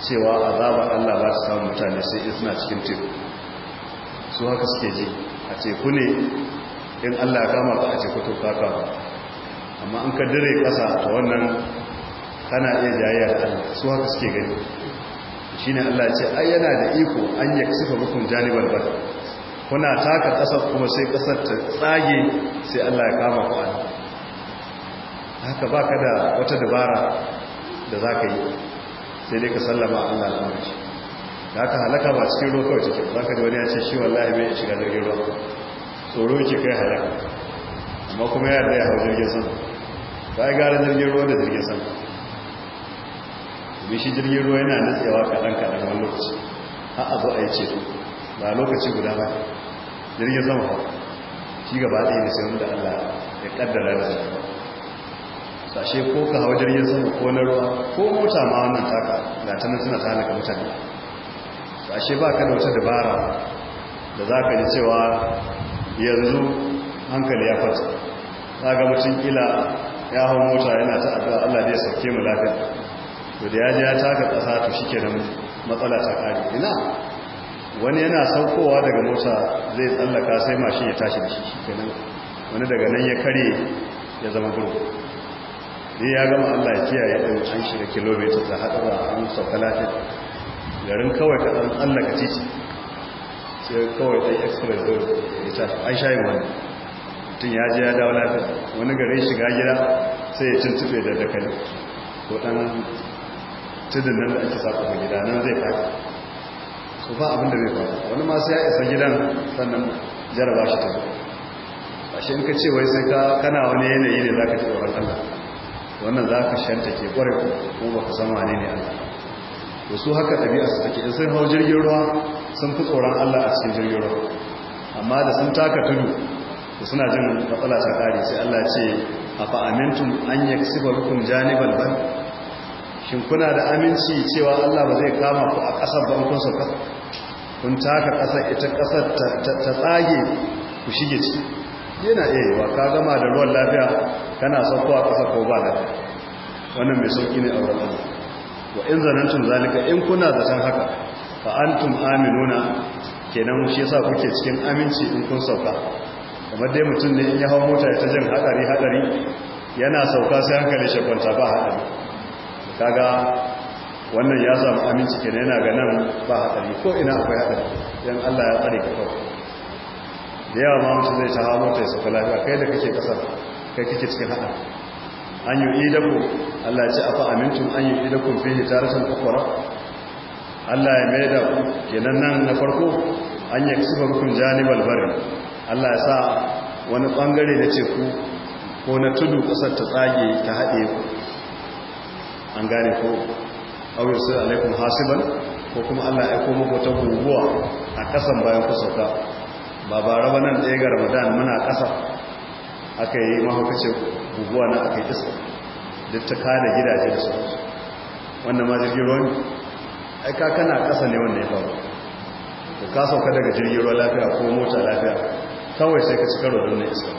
cewa azabar allah ba ta samu mutane sai suna cikin teku su haka suke ji a ce ku ne in Allah ya kama ka a ce ku to kaka amma an ka dire kasa ta wannan kana iya jayayya da Allah su haka suke gani shi ne Allah ya ce ai yana da iko an yaksifa bukun janibar ba kuna taka kasar kuma sai kasar ta tsage sai Allah ya kama ku an haka ba ka da wata dabara da za ka yi sai dai ka sallama Allah al'amari da aka halaka ba cikin ruwa kawai cikin za ka ji wani ya ce shi wallahi bai shiga jirgin ruwa tsoro yake kai halaka amma kuma ya da ya hau jirgin sama ba ya gara jirgin ruwa da jirgin sama domin shi jirgin ruwa yana nutsewa kaɗan kaɗan wani lokaci har a zo a yi ceto ba lokaci guda ba jirgin sama ba shi gaba ɗaya da sai wanda allah ya ƙaddara da zafi sashe ko ka hau jirgin sama ko na ruwa ko mota ma wannan taka ga tana suna tana ka mutane ashe ba ka da wata dabara da za ka ji cewa yanzu hankali ya fata za ga mutum kila ya hau mota yana ta abuwa Allah ne ya sauke mu lafiya to da ya ji ya taka ƙasa to shi ke da matsala ta kari ina wani yana saukowa daga mota zai tsallaka sai mashin ya tashi da shi shi wani daga nan ya kare ya zama gurgu ne ya gama Allah ya kiyaye ɗin can shi da kilomita ta haɗa ba an sauka lafiya garin kawai ka Allah ka titi sai kawai ɗan express da ya ta an shayi wani mutum ya ji ya dawo lafiya wani gare shiga gida sai ya cin tufe da dakali ko dan tudun nan da ake sako ga gida nan zai faɗi su ba abin da zai faɗi wani ma sai ya isa gidan sannan jaraba shi ta zo ashe in ka ce wai sai ka kana wani yanayi ne za ka ci tsoron allah wannan za ka shanta ke ƙwarai ko ba ka san wane ne allah da su haka ɗabi'a su take da sun hau jirgin ruwa sun fi tsoron Allah a cikin jirgin ruwa amma da sun taka tudu da suna jin matsala ta ƙari sai Allah ce a fa'amintun an yi sifa janibal ban shin kuna da aminci cewa Allah ba zai kama ku a ƙasar ba kun sauka kun taka ƙasar ita ƙasar ta tsage ku shige ci yana iya wa ka gama da ruwan lafiya kana a ƙasar ko ba lafiya wannan mai sauki ne a wurin wa in zanantun zalika in kuna zaton haka fa antum aminuna kenan shi yasa kuke cikin aminci in kun sauka kamar dai mutum ne in ya hawo mota ya ta jin hadari hadari yana sauka sai hankali shi kwanta ba hadari kaga wannan ya samu aminci kenan yana ga nan ba hadari ko ina akwai hadari dan Allah ya tsare ka kawai da yawa ma mutum zai ta hawo mota ya sauka lafiya kai da kake kasar kai kake cikin hadari an yi idaku Allah ya ce afa amintum an yi idakun fihi taratan ukhra Allah ya mai da kenan nan na farko an yi kusufa kun janibal bari Allah ya sa wani bangare na ce ku ko na tudu kasar ta tsage ta haɗe ku an gane ko aure su alaikum hasiban ko kuma Allah ya koma ko ta guguwa a kasan bayan ku ba bara ba nan ɗaya ga Ramadan muna ƙasa aka yi mahaukacin guguwa na aka yi tasa duk ta kada gidaje da su wannan ma jirgin ruwan aika kana ƙasa ne wanda ya faru da ka sauka daga jirgin ruwa lafiya ko mota lafiya kawai sai ka ci karo don na iska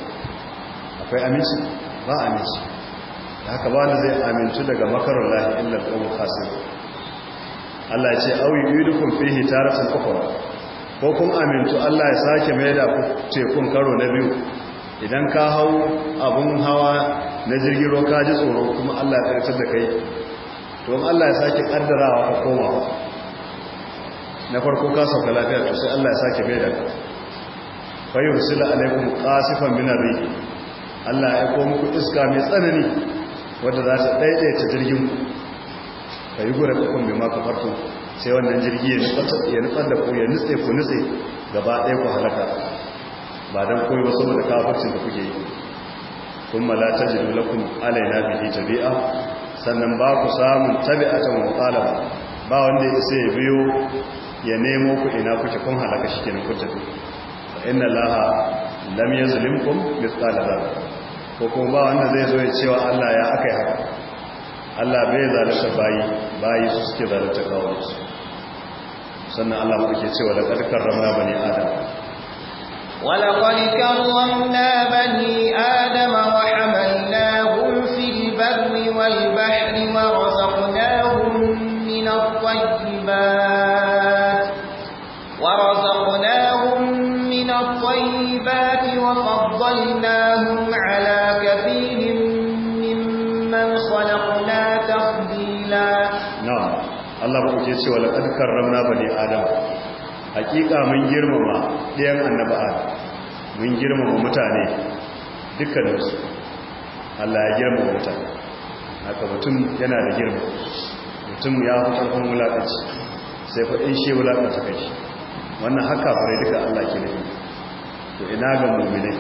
akwai aminci ba aminci da haka ba da zai amintu daga makarar lahi illar ƙawo kasir Allah ya ce auyi yudukun fihi tarasin ukura ko kun amintu Allah ya sake mai da tekun karo na biyu idan ka hau abun hawa na jirgin ruwa ka ji tsoro kuma Allah ya karsar da kai to Allah ya sake kaddarawa ka koma na farko ka sauka lafiya to sai Allah ya sake bai da ka fayyar sila alaikun kasifan minari Allah ya koma muku iska mai tsanani wadda za ta ta jirgin ka yi gura kakon bai maka farko sai wannan jirgi ya nutsar da ku ya nutse ku nutse gaba ɗaya ku halaka ba don koyi wasu da kafircin da kuke yi sun malata ta jiru lakun alaina bihi tabi'a sannan ba ku samun tabi'atan wa qalaba ba wanda ya ya biyo ya nemo ku ina kuke kun halaka shi kenan nufin tafi inna laha lam yazlimkum mithqala ba ko kuma ba wanda zai zo ya cewa Allah ya yi haka Allah bai zalata bayi bayi su suke zalata kawo su sannan Allah ke cewa ƙarƙar karramna bane adam ولقد كرمنا بني آدم وحملناهم في البر والبحر ورزقناهم من الطيبات ورزقناهم من الطيبات وفضلناهم على كثير ممن خلقنا تفضيلا نعم الله بكي سوى لقد كرمنا بني آدم hakika mun girmama ɗayan annaba mun girmama mutane dukkaninsu Allah ya girmama mutane haka mutum yana da girma mutum ya fi ƙarfin wulaƙaci sai faɗin shi wulaƙaci kai wannan haka fure duka Allah ke nufi to ina ga muminai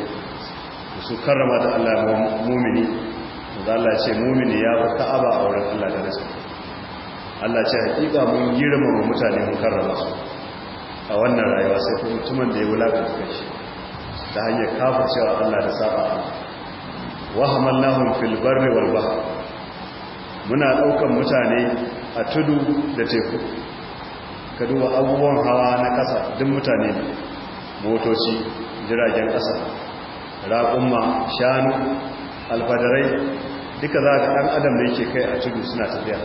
su karrama da Allah ya mumini da Allah ce mumini ya fi ta'aba a wurin Allah da rasu Allah ce hakika mun girmama mutane mun karrama su a wannan rayuwa sai kuma mutumin da ya wulakanta shi ta hanyar kafa cewa Allah da saba wa lahun fil barri wal muna daukan mutane a tudu da teku ka duba abubuwan hawa na kasa duk mutane motoci jiragen kasa raƙumma shanu alfadarai duka za ka ɗan adam da yake kai a tudu suna tafiya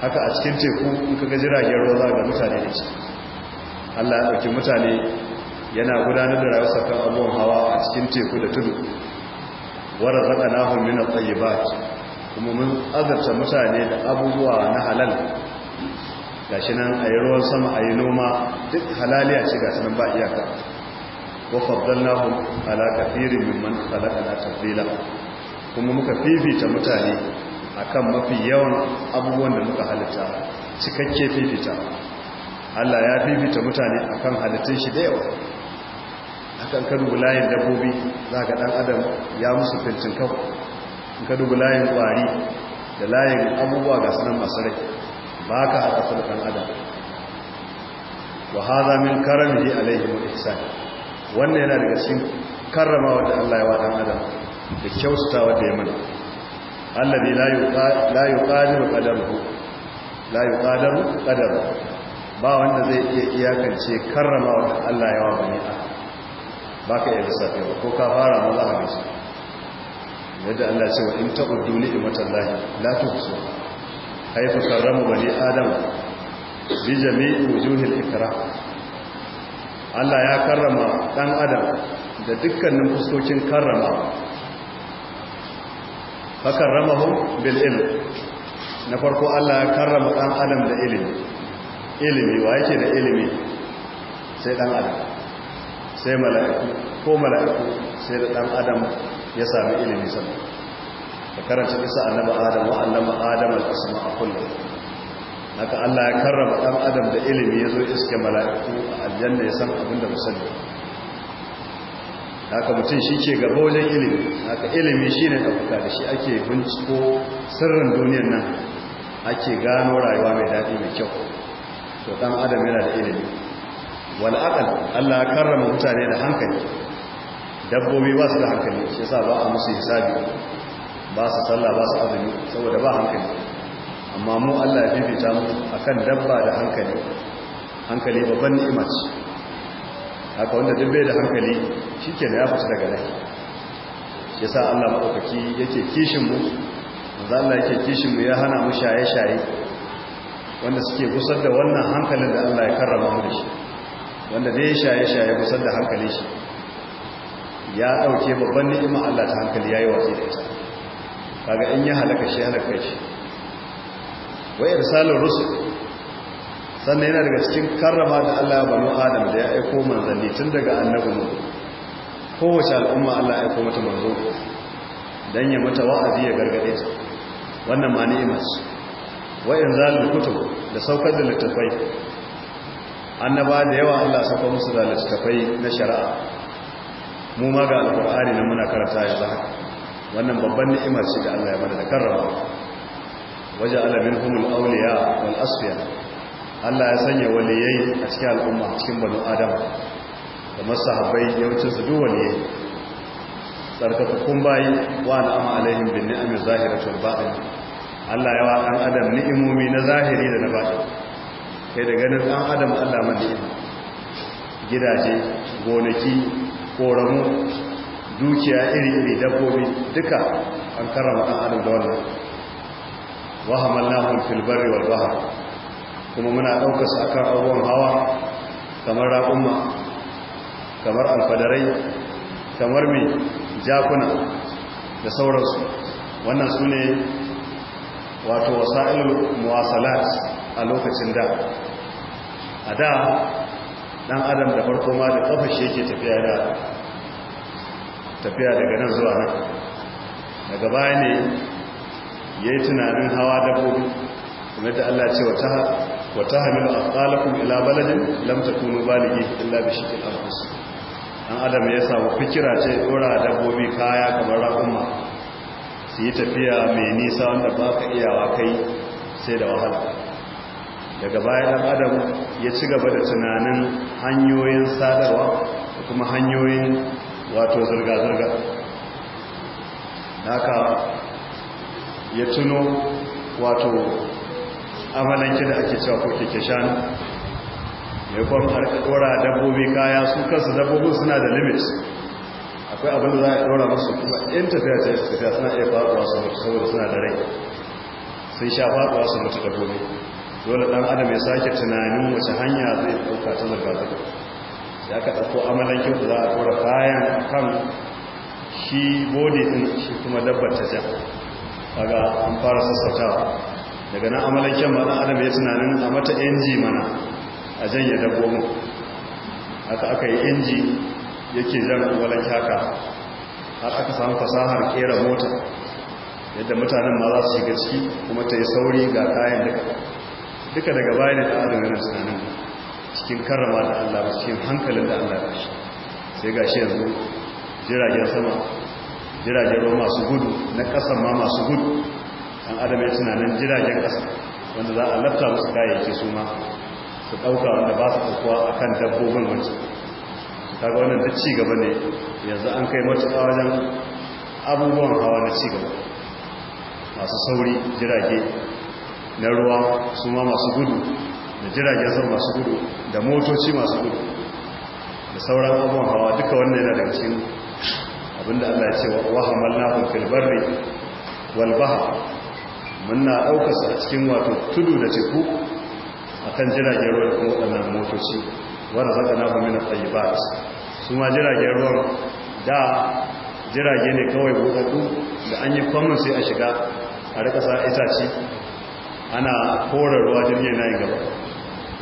haka a cikin teku in ka ga jiragen ruwa za ga mutane da ciki Allah ya ɗauki mutane yana gudanar da rayuwarsa sakan abubuwan hawa a cikin teku da tudu wara zaka nahun min at-tayyibat kuma mun azarta mutane da abubuwa na halal gashi nan ayi ruwan sama ayi noma duk halaliya ce gashi nan ba iyaka wa faddalnahum ala kathirin mimman khalaqna tafila kuma muka fifita mutane akan mafi yawan abubuwan da muka halitta cikakke fifita Allah ya fifita mutane a kan halittun shi da yawa akan ka kadu layin dabbobi za ka dan adam ya musu fintin kawo in ka dubu layin da layin abubuwa ga sunan masu rai ba ka haɗa sulkan adam wa haza min karamihi alaihi wa ihsan wannan yana daga cikin karrama da Allah ya wa adam da kyautatawa da ya mana ne la yuqadiru qadaruhu la yuqadiru qadaruhu ba wanda zai iya iyakance karrama wa Allah yawa bane ba ka iya lissafi ba ko ka fara ma za a gaji yadda Allah ce wa in ta'uddu ni'matallahi la tuhsu karramu karrama bani adam bi jami'in wujuhil ikram Allah ya karrama dan adam da dukkanin fuskokin karrama fa karramahu bil ilm na farko Allah ya karrama dan adam da ilimi ilimi wa yake da ilimi sai dan adam sai mala'iku ko mala'iku sai da dan adam ya sami ilimi sama da karanta bisa annaba adam wa allama adam al-asma kullu haka Allah ya karrama dan adam da ilimi yazo iske mala'iku a aljanna ya san abin da musalli haka mutum shi ke gaba wajen ilimi haka ilimi shi ne ɗaukaka da shi ake binciko sirrin duniyar nan ake gano rayuwa mai daɗi mai kyau to dan adam yana da ilimi wal aqal Allah ya karrama mutane da hankali dabbobi ba su da hankali shi yasa ba a musu hisabi ba su sallah ba su azumi saboda ba hankali amma mu Allah ya fifita mu akan dabba da hankali hankali babban ni'ima ce haka wanda duk bai da hankali shikenan ya fita daga nan shi yasa Allah madaukaki yake kishin mu manzo Allah yake kishin mu ya hana mu shaye-shaye wanda suke gusar da wannan hankalin da Allah ya karrama mu da shi wanda da ya shaye shaye gusar da hankalin shi ya dauke babban ni'ima Allah ta hankali yayi watsi da ita kaga in ya halaka shi halaka shi wa irsalur rusul sannan yana daga cikin karrama da Allah ya banu Adam da ya aiko manzanni tun daga annabi mu kowace al'umma Allah ya aiko mata manzo dan ya mata wa'azi ya gargade su wannan ma ni'imar ce wa inzalul kutub da saukar da littafai annaba da yawa Allah saka musu da littattafai na shari'a mu ma ga alqur'ani na muna karanta ya haka wannan babban ni'imar shi da Allah ya bada da karrama waje alamin minhumul awliya wal asfiya Allah ya sanya waliyai a cikin al'umma cikin banu adam kamar sahabbai yawancin su duk waliyai sarkakakun bayi wa na'ama alaihim bin zahira zahiratul batin Allah ya wa ɗan adam ni'imomi na zahiri da na bashi kai da ganin ɗan adam Allah mace gidaje gonaki ƙoramu, dukiya iri-iri dabbobi duka an karama ɗan adam da wannan wahaman lahun filbari wal baha kuma muna ɗaukar su akan abubuwan hawa kamar ra'umma, kamar alfadarai kamar mai jakuna da sauransu wannan su ne wato wasa'il muwasalat a lokacin da a da ɗan adam da farko ma da kafa shi yake tafiya daga nan zuwa nan daga baya ne yayi tunanin hawa dabbobi kuma da Allah ce wata wata hamilu aqalakum ila baladin lam takunu baligi illa bi shikil anfus dan adam ya samu fikira ce dora dabbobi kaya kamar ra'umma su yi tafiya mai nisa wanda ba ka iyawa kai sai da wahala daga bayan adam ya ci gaba da tunanin hanyoyin sadarwa da kuma hanyoyin wato zirga-zirga haka ya tuno wato amalanki da ake cewa kuke ke shanu ya kwan kora dabbobi kaya su kansu dabbobin suna da limit. akwai abin da za a ɗora masu kuma in tafiya ta yi tafiya suna iya faɗuwa su mutu saboda suna da rai sun sha faɗuwa su mutu da gobe dole ɗan adam ya sake tunanin wace hanya zai ɗauka ta zarga zirga ya aka ɗauko amalankin da za a ɗora kayan kan shi bode ɗin shi kuma dabbar ta ja daga an fara sassautawa daga nan amalankin ma ɗan adam ya tunanin a mata inji mana a janye dabbobin haka aka yi inji yake jan walan har aka samu fasahar kera mota yadda mutanen ma za su shiga ciki kuma ta yi sauri ga kayan daga duka daga bayan da adam yana tunanin cikin karrama da Allah ba cikin hankalin da Allah ba shi sai ga shi yanzu jiragen sama jiragen ruwa masu gudu na kasan ma masu gudu an adam ya tunanin jiragen kasa wanda za a lafta musu kayayyaki su ma su ɗauka wanda ba su ɗaukuwa akan dabbobin wancan kaga wannan ta ci gaba ne yanzu an kai matuƙa wajen abubuwan hawa na ci gaba masu sauri jirage na ruwa su ma masu gudu da jiragen sama masu gudu da motoci masu gudu da sauran abubuwan hawa duka wannan yana daga cikin abinda Allah ya ce wa hamalnahum fil barri wal bahr muna ɗaukarsa a cikin wato tudu da teku a kan jiragen ruwa da kuma waɗannan motoci wadda zaka na mina tsayi ba su ma jiragen ruwan da jirage ne kawai buɗaɗɗu da an yi kwanon sai a shiga a rika sa itaci ana kora ruwa jirgin na gaba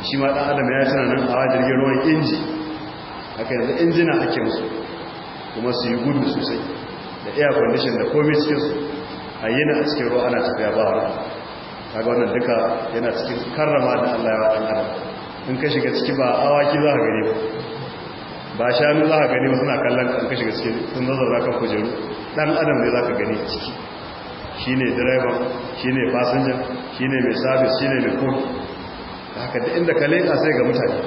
shi ma ɗan adam ya tana nan a jirgin ruwan inji haka yanzu injina ake musu kuma su yi gudu sosai da air condition da komai cikinsu a yi na a cikin ruwa ana tafiya ba wa kaga wannan duka yana cikin karrama da allah ya wa ɗan adam in ka shiga ciki ba awaki za a gani ba ba shanu za ka gani ba suna kallon kan gaske sun nazar za ka kujeru ɗan adam ne za ka gani ciki shi ne direban shi ne fasinjan shi ne mai sabis shi ne mai kun haka da inda ka a sai ga mutane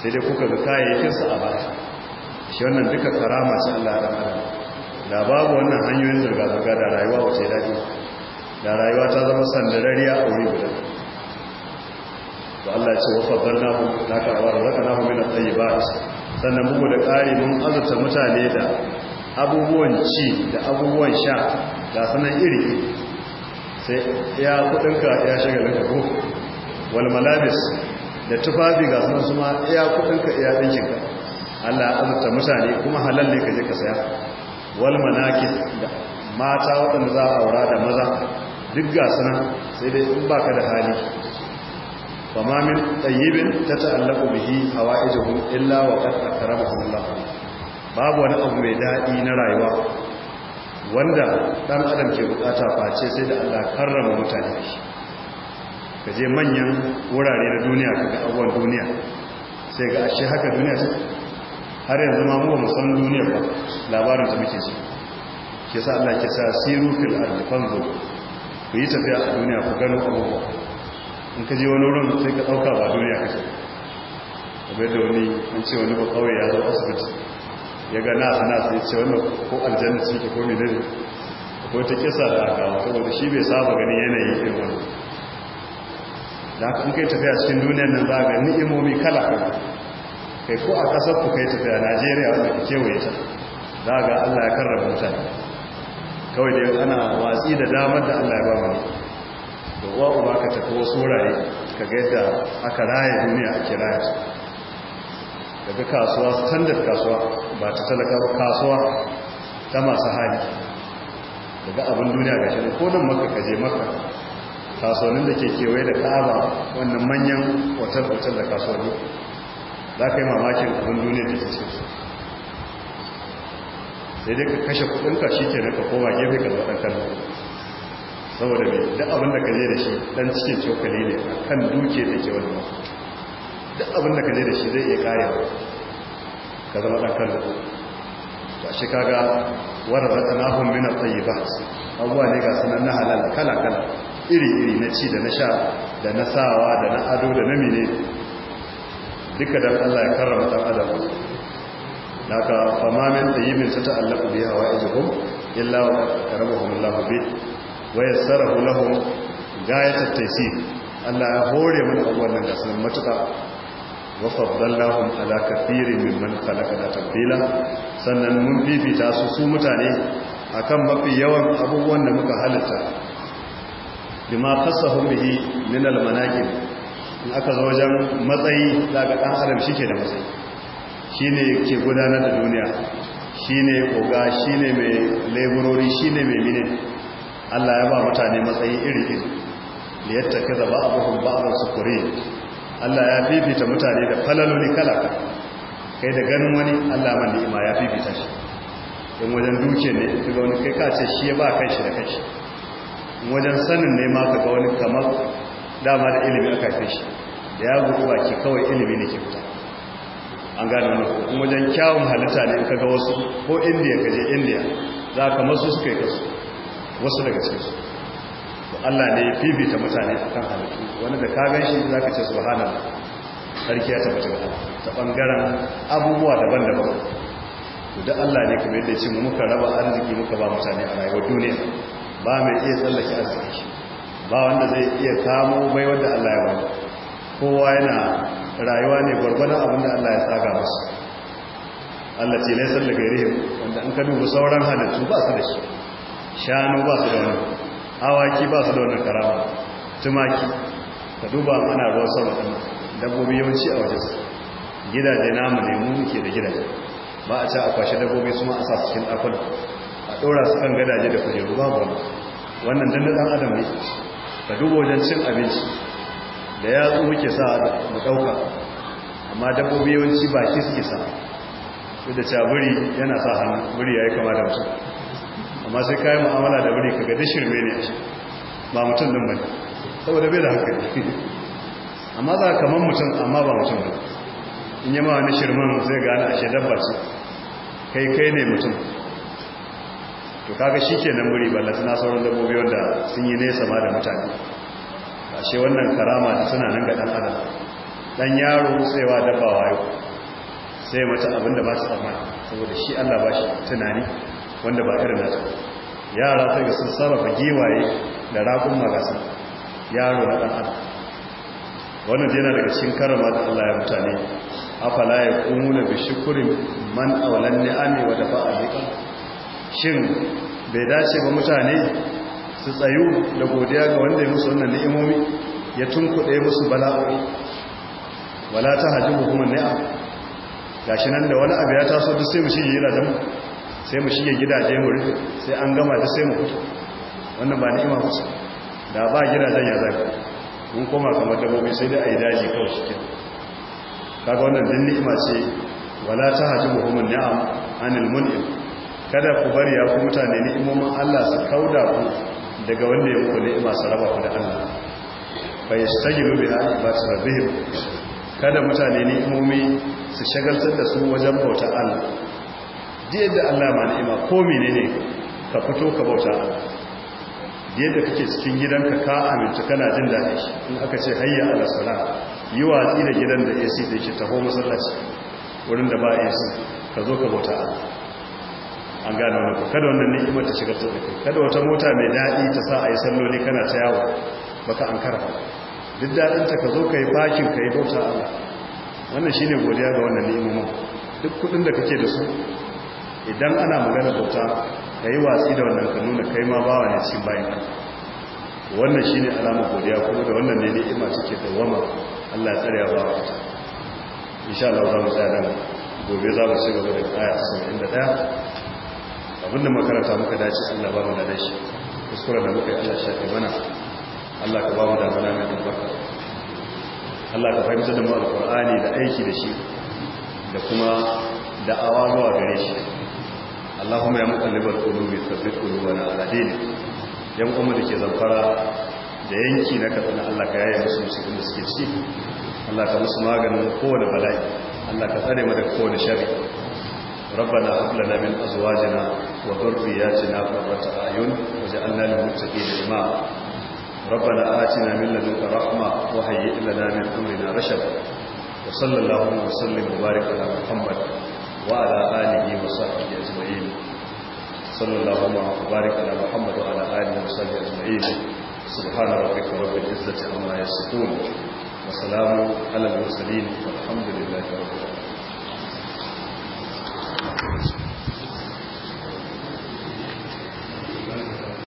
sai dai kuka ga kayayyakinsu a baya shi wannan duka karama su allah da adam da babu wannan hanyoyin zirga-zirga da rayuwa wace daji da rayuwa ta zama sandarariya a wuri guda da allah ce wasu ɓarnar na karuwa da zaka na hu ba a tayyibat sannan bugu da ƙari mun azurta mutane da abubuwan ci da abubuwan sha da sanan iri sai ya kudinka ya shagalin ka ko walmalabis da tufafi ga sanan suma ya kudinka ya dinkinka Allah ya azurta mutane kuma halal ne ka je ka saya wal da mata waɗanda za a aura da maza duk ga sanan sai dai in baka da hali fama min tayyibin ta ta'allaku bihi hawaijuhum illa wa qad akramahu Allah babu wani abu mai daɗi na rayuwa wanda ɗan adam ke bukata face sai da Allah karrama mutane shi ka je manyan wurare na duniya kaga abuwan duniya sai ga ashe haka duniya ce har yanzu ma mu ba san duniya ba labarin ta muke ji ke sa Allah ke sa siru fil ardi fanzur ku yi tafiya a duniya ku gano abubuwa in ka je wani wurin sai ka ɗauka ba duniya kashe abai da wani an ce wani ba kawai ya zo asibiti ya ga nasa nasa ya ce wannan ko aljanna ce ke komi ne ko ta kisa da aka wata shi bai saba gani yanayi irin wani da aka kai tafiya cikin duniyar nan za ga ni'imomi kala kai ko a ƙasar ku kai tafiya najeriya wanda ku kewaye ta za ga allah ya karrama mutane kawai dai ana watsi da damar da allah ya ba mu da uwa uba ka tafi wasu wurare ka ga yadda aka raya duniya a kiraya su daga kasuwa standard kasuwa ba ta talaka kasuwa ta masu hali daga abin duniya ga shirin ko nan maka kaje maka kasuwannin da ke kewaye da ka'aba wannan manyan watan-watan da ne za ka yi mamakin abin duniya da ke sai dai ka kashe kudinka shi ke naka koma gefe ga zaɗa kan saboda ne duk abin ka je da shi dan cikin cokali ne kan duke da ke wani masu duk abin ka je da shi zai iya karewa ka zama ɗan kan da ba shi kaga wadda zata na hun mina tsayi ba abuwa ne ga sanar na halal kala-kala iri-iri na ci da na sha da na sawa da na ado da na mine duka don allah ya karrama ɗan adam na ka famamin da yi min Allah ku biya wa ajihun illa wa karamu hamullahu bi waya sarahu lahum gayatat taysir Allah ya hore mu wannan gasar matuka wa faddallahum ala kathirin mimman khalaqna tabila sannan mun fifita su su mutane akan mafi yawan abubuwan da muka halitta bima qasahum bihi min al-manaqib in aka zo wajen matsayi daga dan adam shike da matsayi shine ke gudanar da duniya shine koga shine mai laborori shine mai mine Allah ya ba mutane matsayi iri-iri da yadda ka zaba abubuwan ba'ar sukuri Allah ya fifita mutane da falaloli kalaka kai da ganin wani Allah man ni'ima ya fifita shi in wajen duke ne ka ga wani kai ka ce shi ya ba kai shi da kai shi wajen sanin ne ma ka ga wani kamar dama da ilimi aka kai shi da ya gudu ki kawai ilimi ne ke fita an gane wani in wajen kyawun halitta ne ka ga wasu ko indiya ka je indiya za ka masu suka yi kasu wasu daga cikin su Allah ne fifita mutane akan halittu wani da ka za ka ce subhanallah sarki ya tabbata ga ta bangaren abubuwa daban-daban da Allah ne kuma yadda ce muka raba arziki muka ba mutane a rayuwar duniya ba mai iya tsallake arziki ba wanda zai iya kamo mai wanda Allah ya ba kowa yana rayuwa ne gwargwadon abin da Allah ya tsaga masu Allah ce laisar da gairihim wanda an ka dubu sauran halittu ba su da shi shanu ba su da wani awaki ba su da wani karama tumaki ka duba ana ruwan sama dabbobi yawanci a wajen gidaje namu ne mu muke da gidaje ba a ci a kwashe dabbobi su ma a sa cikin ɗakuna a ɗora su kan gadaje da kujeru babu ba wannan dan ɗan adam ne ka duba wajen cin abinci da yatsu muke sa mu ɗauka amma dabbobi yawanci baki suke sa Su da caburi yana sa hannu buri ya yi kama da mutum amma sai kayan mu'amala da wuri kaga da shirme ne ba mutum din bane saboda bai da hankali amma za ka kaman mutum amma ba mutum ba in yi ma wani shirman zai gane ashe dabba ce kai kai ne mutum to kaga shi ke nan wuri ballata na sauran dabbobi wanda sun yi nesa ma da mutane ashe wannan karama da suna nan ga dan adam dan yaro wa dabba wayo sai mata abinda ba su tsammani saboda shi Allah ba shi tunani wanda ba irin nasu yara ta ga sun sarrafa giwaye da rakun magasin yaro na ɗan wannan jina daga cikin karama da Allah mutane afala ya kumuna bi kurin man awalan ni'ami ba a liƙa shin bai dace ba mutane su tsayu da godiya ga wanda ya musu wannan ni'imomi ya tunkuɗe musu bala'o'i wala ta mu kuma ni'a gashi nan da wani abu ya taso duk sai mu shi yi da mu sai mu shige gidaje mu rufe sai an gama ta sai mu fito wannan ba ni'ima ba da ba gidajen ya zaka mun koma kamar dabbobi sai dai ayi daji kawai shi ke kaga wannan din ni'ima ce wala ta haji muhammad ni'am anil mun'im kada ku bari ya ku mutane ni'imomin Allah su kauda ku daga wanda ya muku ni'ima su raba ku da Allah fa yastajibu bi ibadati rabbihim kada mutane ni'imomi su shagaltar da su wajen bauta Allah yadda Allah ma ni'ima ko menene ka fito ka bauta Allah yadda kake cikin gidanka ka aminta kana jin daɗi in aka ce hayya ala sala yi watsi da gidan da AC da yake taho masallaci wurin da ba AC ka zo ka bauta an gane wani ko kada wannan ni'imar ta shiga ta kai kada wata mota mai daɗi ta sa a yi salloli kana ta yawo baka an karfa duk daɗinta ka zo ka yi fakin ka yi bauta Allah wannan shine godiya ga wannan ni'imar duk kudin da kake da su idan ana magana bauta ka yi wasi da wannan ka nuna kai ma bawa ne cikin bayan ka wannan shi ne alamar godiya kuma da wannan ne ni'ima suke dawama allah ya tsare ya bawa ta insha allah za mu tsaya nan gobe za mu ci gaba inda aya 71 da makaranta muka dace sun ba mu da shi kuskure da muka yi allah shafe mana allah ka ba mu da mana mai albarka allah ka fahimta da mu alkur'ani da aiki da shi da kuma da awa zuwa gare shi Allahumma ya muqallibal qulubi tsabbit qulubana ala dinik yan umu da ke zamfara da yanki na katsina Allah ka yaye musu musulun da suke ci Allah ka musu maganin kowane bala'i Allah ka tsare mata kowane shari ربنا هب لنا من ازواجنا وذرياتنا قرة اعين واجعلنا للمتقين اماما ربنا آتنا من لدنك رحمة وهيئ لنا من أمرنا رشدا وصلى اللهم وسلم وبارك على محمد وعلى آله وصحبه أجمعين صلى الله وبارك على محمد وعلى آله وصحبه أجمعين سبحان ربك رب العزة عما يصفون وسلام على المرسلين والحمد لله رب العالمين